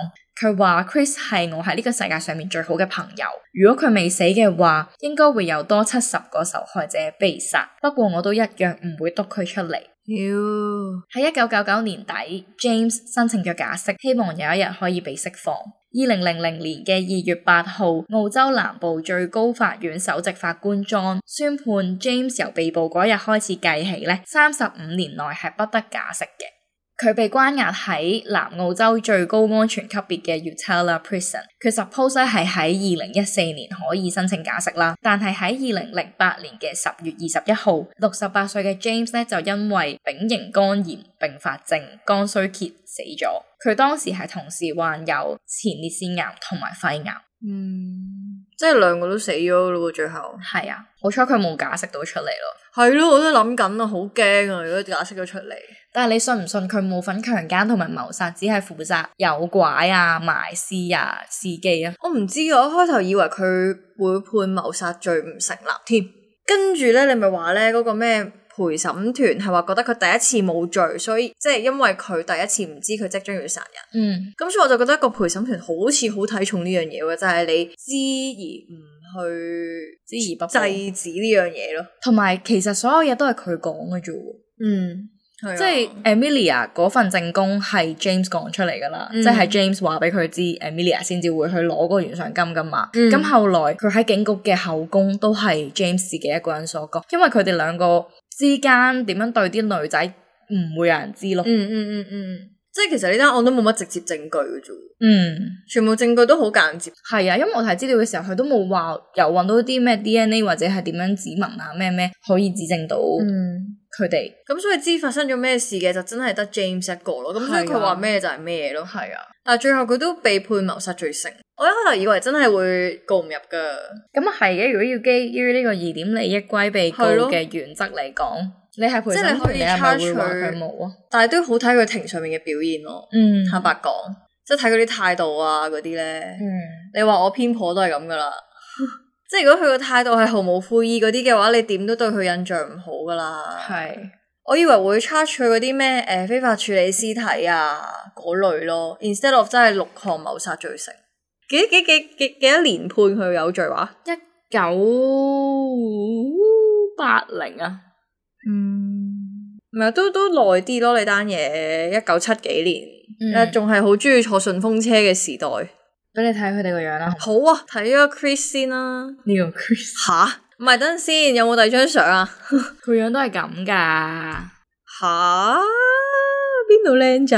佢話 Chris 係我喺呢個世界上面最好嘅朋友。如果佢未死嘅話，應該會有多七十個受害者被殺。不過我都一樣唔會督佢出嚟。喺一九九九年底，James 申請咗假釋，希望有一日可以被釋放。二零零零年嘅二月八號，澳洲南部最高法院首席法官 John 宣判 James 由被捕嗰日開始計起咧，三十五年內係不得假釋嘅。佢被關押喺南澳洲最高安全級別嘅 Yatala Prison，佢 suppose 係喺二零一四年可以申請假釋啦。但係喺二零零八年嘅十月二十一號，六十八歲嘅 James 咧就因為丙型肝炎併發症肝衰竭死咗。佢當時係同時患有前列腺癌同埋肺癌，嗯，即係兩個都死咗咯。最後係啊，好彩佢冇假釋到出嚟咯。係咯，我都諗緊啊，好驚啊，如果假釋咗出嚟。但係你信唔信佢冇份強姦同埋謀殺，只係負責誘拐啊、埋屍啊、司機啊？我唔知啊，我一開頭以為佢會判謀殺罪唔成立添。跟住咧，你咪話咧嗰個咩陪審團係話覺得佢第一次冇罪，所以即係因為佢第一次唔知佢即將要殺人。嗯，咁所以我就覺得個陪審團好似好睇重呢樣嘢嘅，就係、是、你知而唔去，知而不制止呢樣嘢咯。同埋、嗯、其實所有嘢都係佢講嘅啫。嗯。 即係 Emilia 嗰份證供係 James 講出嚟噶啦，嗯、即係 James 話俾佢知 Emilia 先至會去攞嗰個懸賞金噶嘛。咁、嗯、後來佢喺警局嘅口供都係 James 自己一個人所講，因為佢哋兩個之間點樣對啲女仔唔會有人知咯。嗯嗯嗯嗯。嗯嗯嗯。即係其實呢單案都冇乜直接證據嘅啫，嗯，全部證據都好間接，係啊，因為我睇資料嘅時候，佢都冇話有揾到啲咩 DNA 或者係點樣指紋啊咩咩可以指證到佢哋，咁、嗯、們所以知發生咗咩事嘅就真係得 James 一個咯，咁所以佢話咩就係咩咯，係啊，啊但係最後佢都被判謀殺罪成，我一開頭以為真係會告唔入噶，咁啊係嘅，如果要基於呢個疑點利益歸被告嘅原則嚟講。你係即係你可以 charge，係係但係都好睇佢庭上面嘅表現咯。嗯，坦白講，即係睇佢啲態度啊嗰啲咧。嗯，你話我偏頗都係咁噶啦。嗯，即係如果佢個態度係毫無悔意嗰啲嘅話，你點都對佢印象唔好噶啦。係，我以為我會 charge 佢嗰啲咩誒非法處理屍體啊嗰類咯。Instead of 真係六項謀殺罪成，幾幾幾幾幾多年判佢有罪話？一九八零啊！嗯，唔係都都耐啲咯，呢單嘢一九七幾年，仲係好中意坐順風車嘅時代，畀你睇佢哋個樣啦。好，好啊，睇咗 Chris 先啦，啊，呢個 Chris 吓，唔係，等陣先，有冇第二張相啊？佢 樣都係咁噶，吓，邊度靚仔？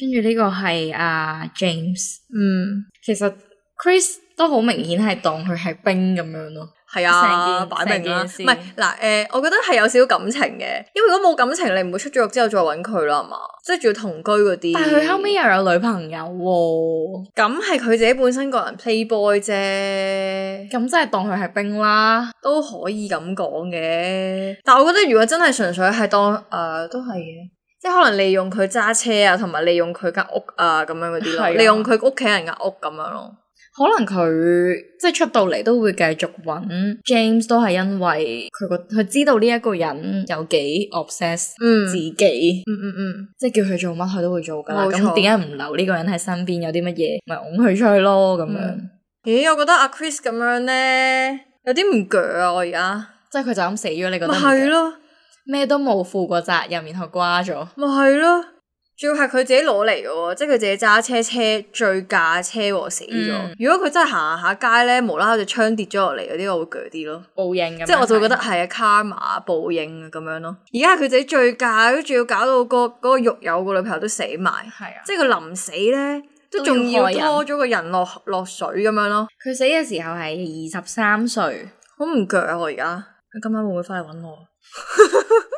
跟住呢個係阿、uh, James，嗯，其實 Chris 都好明顯係當佢係兵咁樣咯。係啊，擺明件事。唔係嗱，誒、呃，我覺得係有少少感情嘅，因為如果冇感情，你唔會出咗獄之後再揾佢啦，係嘛，即係仲要同居嗰啲。但係佢後尾又有女朋友喎，咁係佢自己本身個人 playboy 啫，咁真係當佢係兵啦，都可以咁講嘅。但係我覺得如果真係純粹係當誒、呃，都係嘅，即係可能利用佢揸車啊，同埋利用佢間屋啊，咁樣嗰啲咯，啊、利用佢屋企人間屋咁樣咯。可能佢即係出到嚟都會繼續揾 James，都係因為佢個佢知道呢一個人有幾 obsessed、嗯、自己，嗯嗯嗯，嗯即係叫佢做乜佢都會做噶。咁點解唔留呢個人喺身邊有？有啲乜嘢咪拱佢出去咯？咁、嗯、樣咦？我覺得阿 Chris 咁樣咧有啲唔鋸啊！我而家即係佢就咁死咗，你覺得咪係咯？咩都冇負過責任，然後瓜咗咪係咯？仲要係佢自己攞嚟嘅，即係佢自己揸車車醉駕車禍死咗。嗯、如果佢真係行下街咧，無啦啦、這個、就槍跌咗落嚟嗰啲，我會鋸啲咯，報應。即係我就會覺得係啊，卡瑪報應咁樣咯。而家係佢自己醉駕，仲要搞到、嗰個嗰、嗰個獄友個女朋友都死埋，啊、即係佢臨死咧都仲要拖咗個人落落水咁樣咯。佢死嘅時候係二十三歲，好唔鋸啊！我而家佢今晚會唔會翻嚟搵我？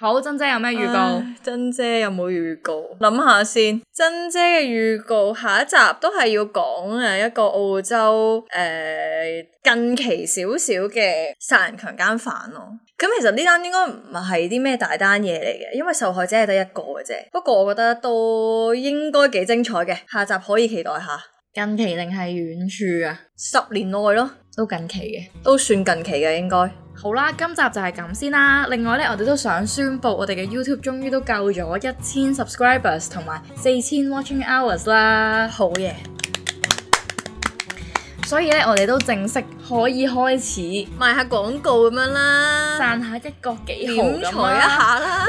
好，珍姐有咩預告、啊？珍姐有冇預告？諗下先。珍姐嘅預告下一集都係要講一個澳洲誒、呃、近期少少嘅殺人強奸犯咯。咁、嗯、其實呢單應該唔係啲咩大單嘢嚟嘅，因為受害者係得一個嘅啫。不過我覺得都應該幾精彩嘅，下集可以期待下。近期定係遠處啊？十年內咯。都近期嘅，都算近期嘅應該。好啦，今集就係咁先啦。另外呢，我哋都想宣布，我哋嘅 YouTube 終於都夠咗一千 subscribers 同埋四千 watching hours 啦。好嘢！所以咧，我哋都正式可以開始賣下廣告咁樣啦，賺下一角幾毫咁一，啊、一下啦。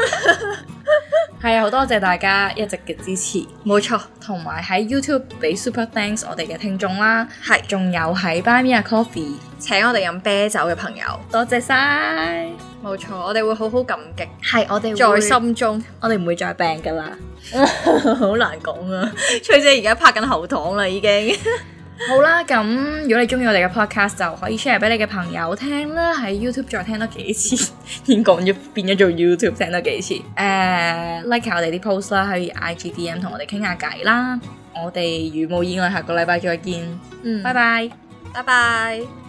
係啊，好多謝大家一直嘅支持，冇錯。同埋喺 YouTube 俾 Super Thanks 我哋嘅聽眾啦，係是。仲有喺 Buy Me a Coffee 請我哋飲啤酒嘅朋友，多謝晒，冇錯，我哋會好好感激。係，我哋在心中，我哋唔會再病噶啦。 好難講啊！翠姐而家拍緊喉糖啦，已經。 好啦，咁如果你中意我哋嘅 podcast，就可以 share 俾你嘅朋友聽啦，喺 YouTube 再聽多幾次。 已經講咗變咗做 YouTube 聽多幾次。誒、uh，like 我哋啲 post 啦，喺 IGDM 同我哋傾下偈啦。我哋如無意外，下個禮拜再見。嗯，拜拜，拜拜。